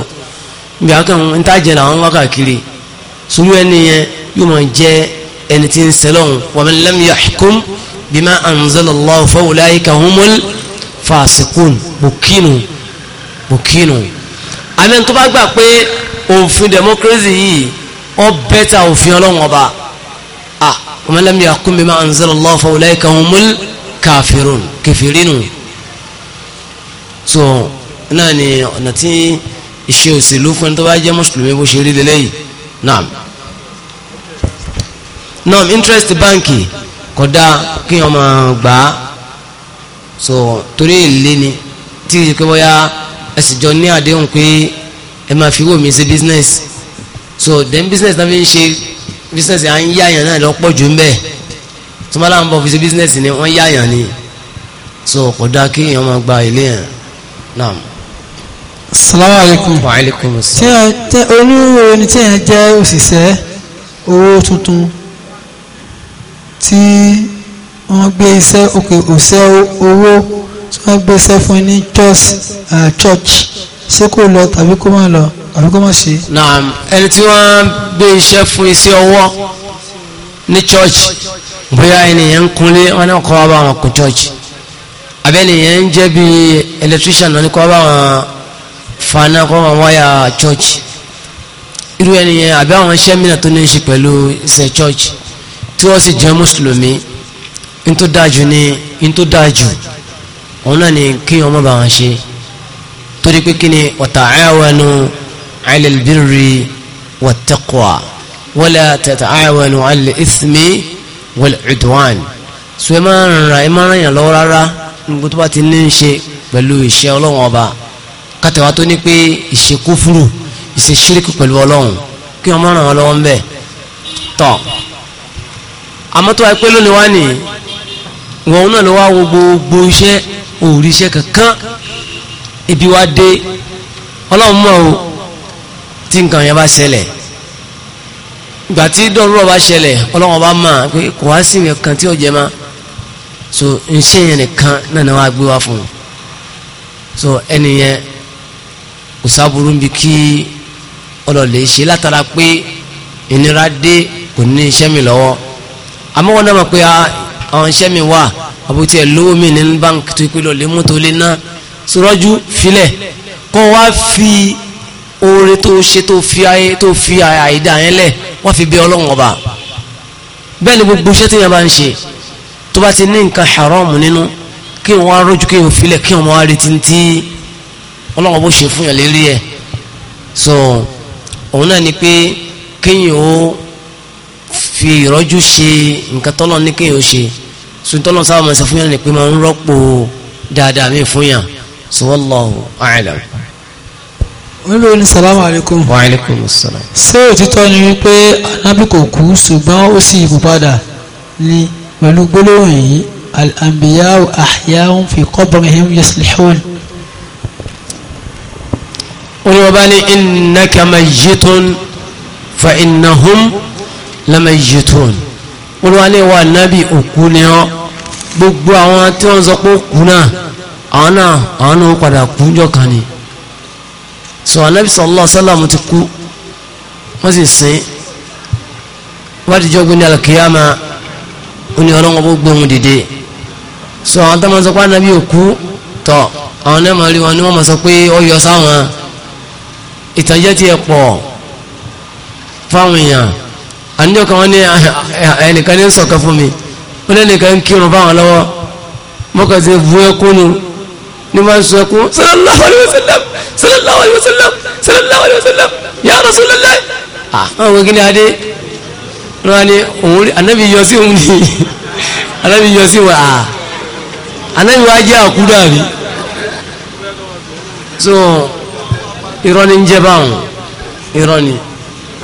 bí a kàn ń tàjẹ́ làwọn wá káàkiri sùúrù ẹni yẹn yóò máa jẹ́ ẹni tí ń sẹlọ̀n wa man lam yahkum bima anzala Allahu fa ulaika humul fasiqun bùkínù bùkínù àmì tó bá gbà pé òfin democracy yìí ọ bẹ́tà òfin ọlọ́wọ́n ọba ah wa man lam yahkum bima anzala Allahu fa ulaika humul kafirun kẹfìrínù náà ni ọ̀nà tí ìṣe òṣèlú fún ẹni tó bá jẹ́ mùsùlùmí bó ṣe rí lélẹ́yìí naam naam interest banki kódà kí wọ́n máa gbà á so torí èlé ni tí ìṣèké bóyá ẹsì jọ ní àdéhùn pé ẹ máa fi wò mí ṣe business so then business náà fi ń ṣe business à ń yáyàn náà lọ́pọ̀ jù ń bẹ́ẹ̀ tó máa láwọn bọ̀ fi ṣe business ni wọ́n yáyàn ni so kódà kí wọ́n máa gba ilé yẹn naam salamu alaikum wa alaikum salam tí olúwo ni tí yẹn jẹ́ òṣìṣẹ́ owó tuntun tí wọ́n gbé iṣẹ́ òkè òṣìṣẹ́ owó tí wọ́n gbé iṣẹ́ fún ní church eh, church ṣé kò lọ tàbí kó má lọ tàbí kó má ṣe. naam ẹni tí wọ́n gbé iṣẹ́ fún iṣẹ́ ọwọ́ ní church bóyá ènìyàn ń kunlé wọn náà kọ́ wá bá wọn kún church abẹ́ ènìyàn ń jẹ́ bíi electrician náà ní kọ́ wá bá wọn faná kọ́ máa wáyà church irú ẹni yẹn àbí àwọn iṣẹ́ mìíràn tó ní í ṣe pẹ̀lú iṣẹ́ church tí wọ́n sì jẹ́ mùsùlùmí ní tó dájú ní ní tó dájú òun náà ni kí wọ́n má bàa ṣe torí pé kí ni wa ta'awanu 'ala al-birri wat-taqwa wala tata'awanu 'ala al so ẹ máa ń ra ẹ máa ń ràn yàn lọ́wọ́ rárá nígbà tó bá ti ní ṣe pẹ̀lú iṣẹ́ ọlọ́wọ́n ọba kátàwá tó ní pé ìṣekúfúrú ìṣeṣíríkì pẹ̀lú ọlọ́run kí wọ́n mọ̀ràn ọlọ́wọ́ ń bẹ̀ tán àmọ́ tó wáyé pé lónìí wá nìyí wọn náà ló wá wo gbogbo iṣẹ́ òòrí iṣẹ́ kankan ibi wá dé ọlọ́run mọ̀ o tí nǹkan yẹn bá ṣẹlẹ̀ ìgbà tí dọ́rọ̀ bá ṣẹlẹ̀ ọlọ́run bá mọ̀ pé kò wá sí nǹkan tí ó jẹ ma so iṣẹ́ yẹn nìkan náà ni wọ́n á gbé wá fún un so ẹni yẹn kò sábúrú níbi kí ọlọ́lẹ̀ ṣe látara pé ìnira dé kò ní iṣẹ́ mi lọ́wọ́ àmọ́ wọn náà mọ̀ pé ah, àwọn iṣẹ́ mi wà àbútí ẹ̀ lówó mi ní báńkì tó pé lọ́lẹ̀ mú tó ná sọ́rọ́jú filẹ̀ kọ́ wá fi oore tó ṣe tó fi ayé tó fi àìdá yẹn lẹ̀ wọ́n fi bí ọlọ́run ọba bẹ́ẹ̀ ni gbogbo iṣẹ́ tó yẹn bá ń ṣe tó bá ti ní nǹkan haram nínú kí wọ́n á kí wọ́n filẹ̀ kí wọ́n á retí tí ọlọ́wọ́n bó ṣe fún yàn lérí ẹ̀ so òun náà ni pé kéèyàn ó fi ìrọ́jú ṣe nǹkan tọ́lọ́ ní kéèyàn ó ṣe suntọ́lọ́ sábà máa ṣe fún yàn ni pé máa ń rọ́pò dáadáa mi fún yàn so wallahu a'lam. olórí ni salamu alaykum. wa alaykum salam. ṣé òtítọ́ ni wípé anábì kò kú ṣùgbọ́n ó sì yìbò padà ní pẹ̀lú gbólóhùn yìí al-anbiya'u ahya'un fi qabrihim yuslihun oníwọ̀bá ní innaka mayyitun fa innahum lamayyitun olúwa ní wa nábì òkú ni ọ gbogbo àwọn tí wọ́n sọ pé òkú náà àwọn náà àwọn náà padà kú jọ kan ni sọ anábì sallallahu sálàmù ti kú wọ́n sì sin wọ́n ti jọ ní alkiyama oní ọlọ́wọ́n bó gbóhùn dìde sọ àwọn tó máa sọ pé anábì òkú tọ àwọn náà máa rí wọn ni wọ́n máa sọ pé ó yọ sáwọn ìtànjẹ tiẹ̀ pọ̀ fáwọn èèyàn àníjọ́ kan wọ́n ní ẹnìkan ní sọ̀kan fún mi wọ́n ní ẹnìkan ń kírun fáwọn lọ́wọ́ mọ́kànsí bu ẹkún nu ní máa ń sọ ẹkún sallallahu alaihi sallam, sallallahu alaihi sallam, sallallahu alaihi sallam. ya Rasulullah àwọn òwe kíni adé wọ́n ní òun rí anábì yọ sí òun ní anábì yọ sí wàá anábì wàá jẹ́ àkúdà rí so irọ́ ni ń jẹ́ báwọn irọ́ ni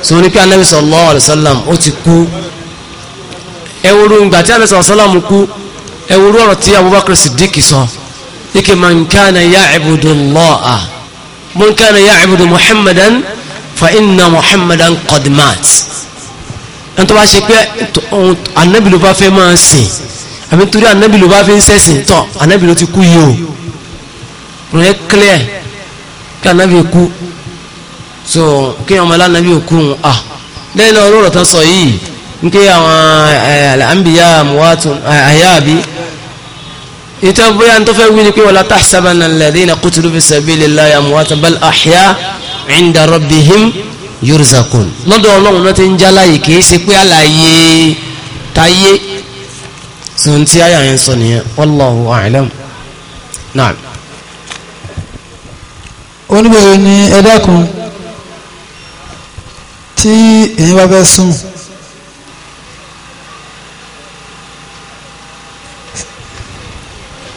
sọ ní pé anabi sallallahu alayhi wa sallam ó ti kú ẹwúrú ìgbà tí anabi sallallahu alayhi wa sallam kú ẹwúrú ọ̀rọ̀ tí abubakar siddiq sọ ike man kana ya'budu Allaha man kana ya'budu muhammadan fa inna muhammadan qad ẹni tó bá ṣe pé anabi ló bá fẹ́ máa sìn àmì torí anabi ló bá fi ń sẹ́sìn tọ́ anabi ló ti kú yìí o rẹ̀ clear kí anabi kú so kí ọmọ alánàbí kú ń ah lẹ́yìn náà olóòrò tán sọ yìí ń kí àwọn àmbíyá muwatu àyàbí ìtẹ́ bóyá tó fẹ́ wí ni pé wala tahsabanna alladhina qutilu fi sabilillahi amwatan bal ahya inda rabbihim yurzaqun lọ́dọ̀ ọlọ́run náà ti ń já láyè kìí ṣe pé àlàyé táyé sọ ní tí yẹn sọ nìyẹn wallahu a'lam naam oníbẹ̀rẹ̀ ni ẹ̀dẹ́kun tí èyí bá fẹ́ sùn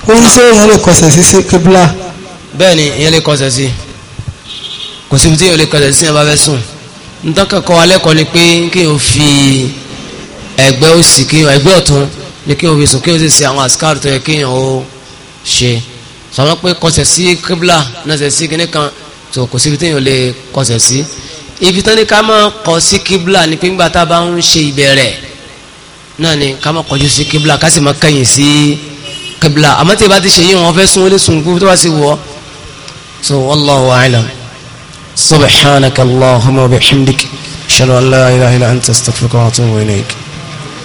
ó ń ṣe èyàn lè kọsẹ̀ sí sí kíbla. bẹ́ẹ̀ni èyàn lè kọsẹ̀ sí kò síbi tí èyàn lè kọsẹ̀ sí èyàn bá fẹ́ sùn ntọ́kẹ́kọ̀ọ́ alẹ́kọ̀ọ́ ni pé kí n fi ẹgbẹ́ òsì kí n ẹgbẹ́ ọ̀tún ni kí n fi sùn kí n sì ṣe àwọn àsìkáàrù tó yẹ kí n ò ṣe sọ̀rọ̀ pé kọsẹ̀ sí kíbla nọsẹ̀ sí kíní kan tó kò síbi téèyàn lè kọsẹ̀ sí ibi tán ni ká máa kọ sí kíbla ni pé ńgbà tá a bá ń ṣe ìbẹ̀rẹ̀ náà ni ká máa kọjú sí kíbla ká sì máa kẹ́yìn sí kíbla àmọ́ tí ì ti ṣe yín wọn fẹ́ sún wọlé sùn tó bá sì wọ̀ so wallahu a'lam subhanaka allahumma bihamdik ashhadu an la ilaha illa anta astaghfiruka wa atubu ilayk.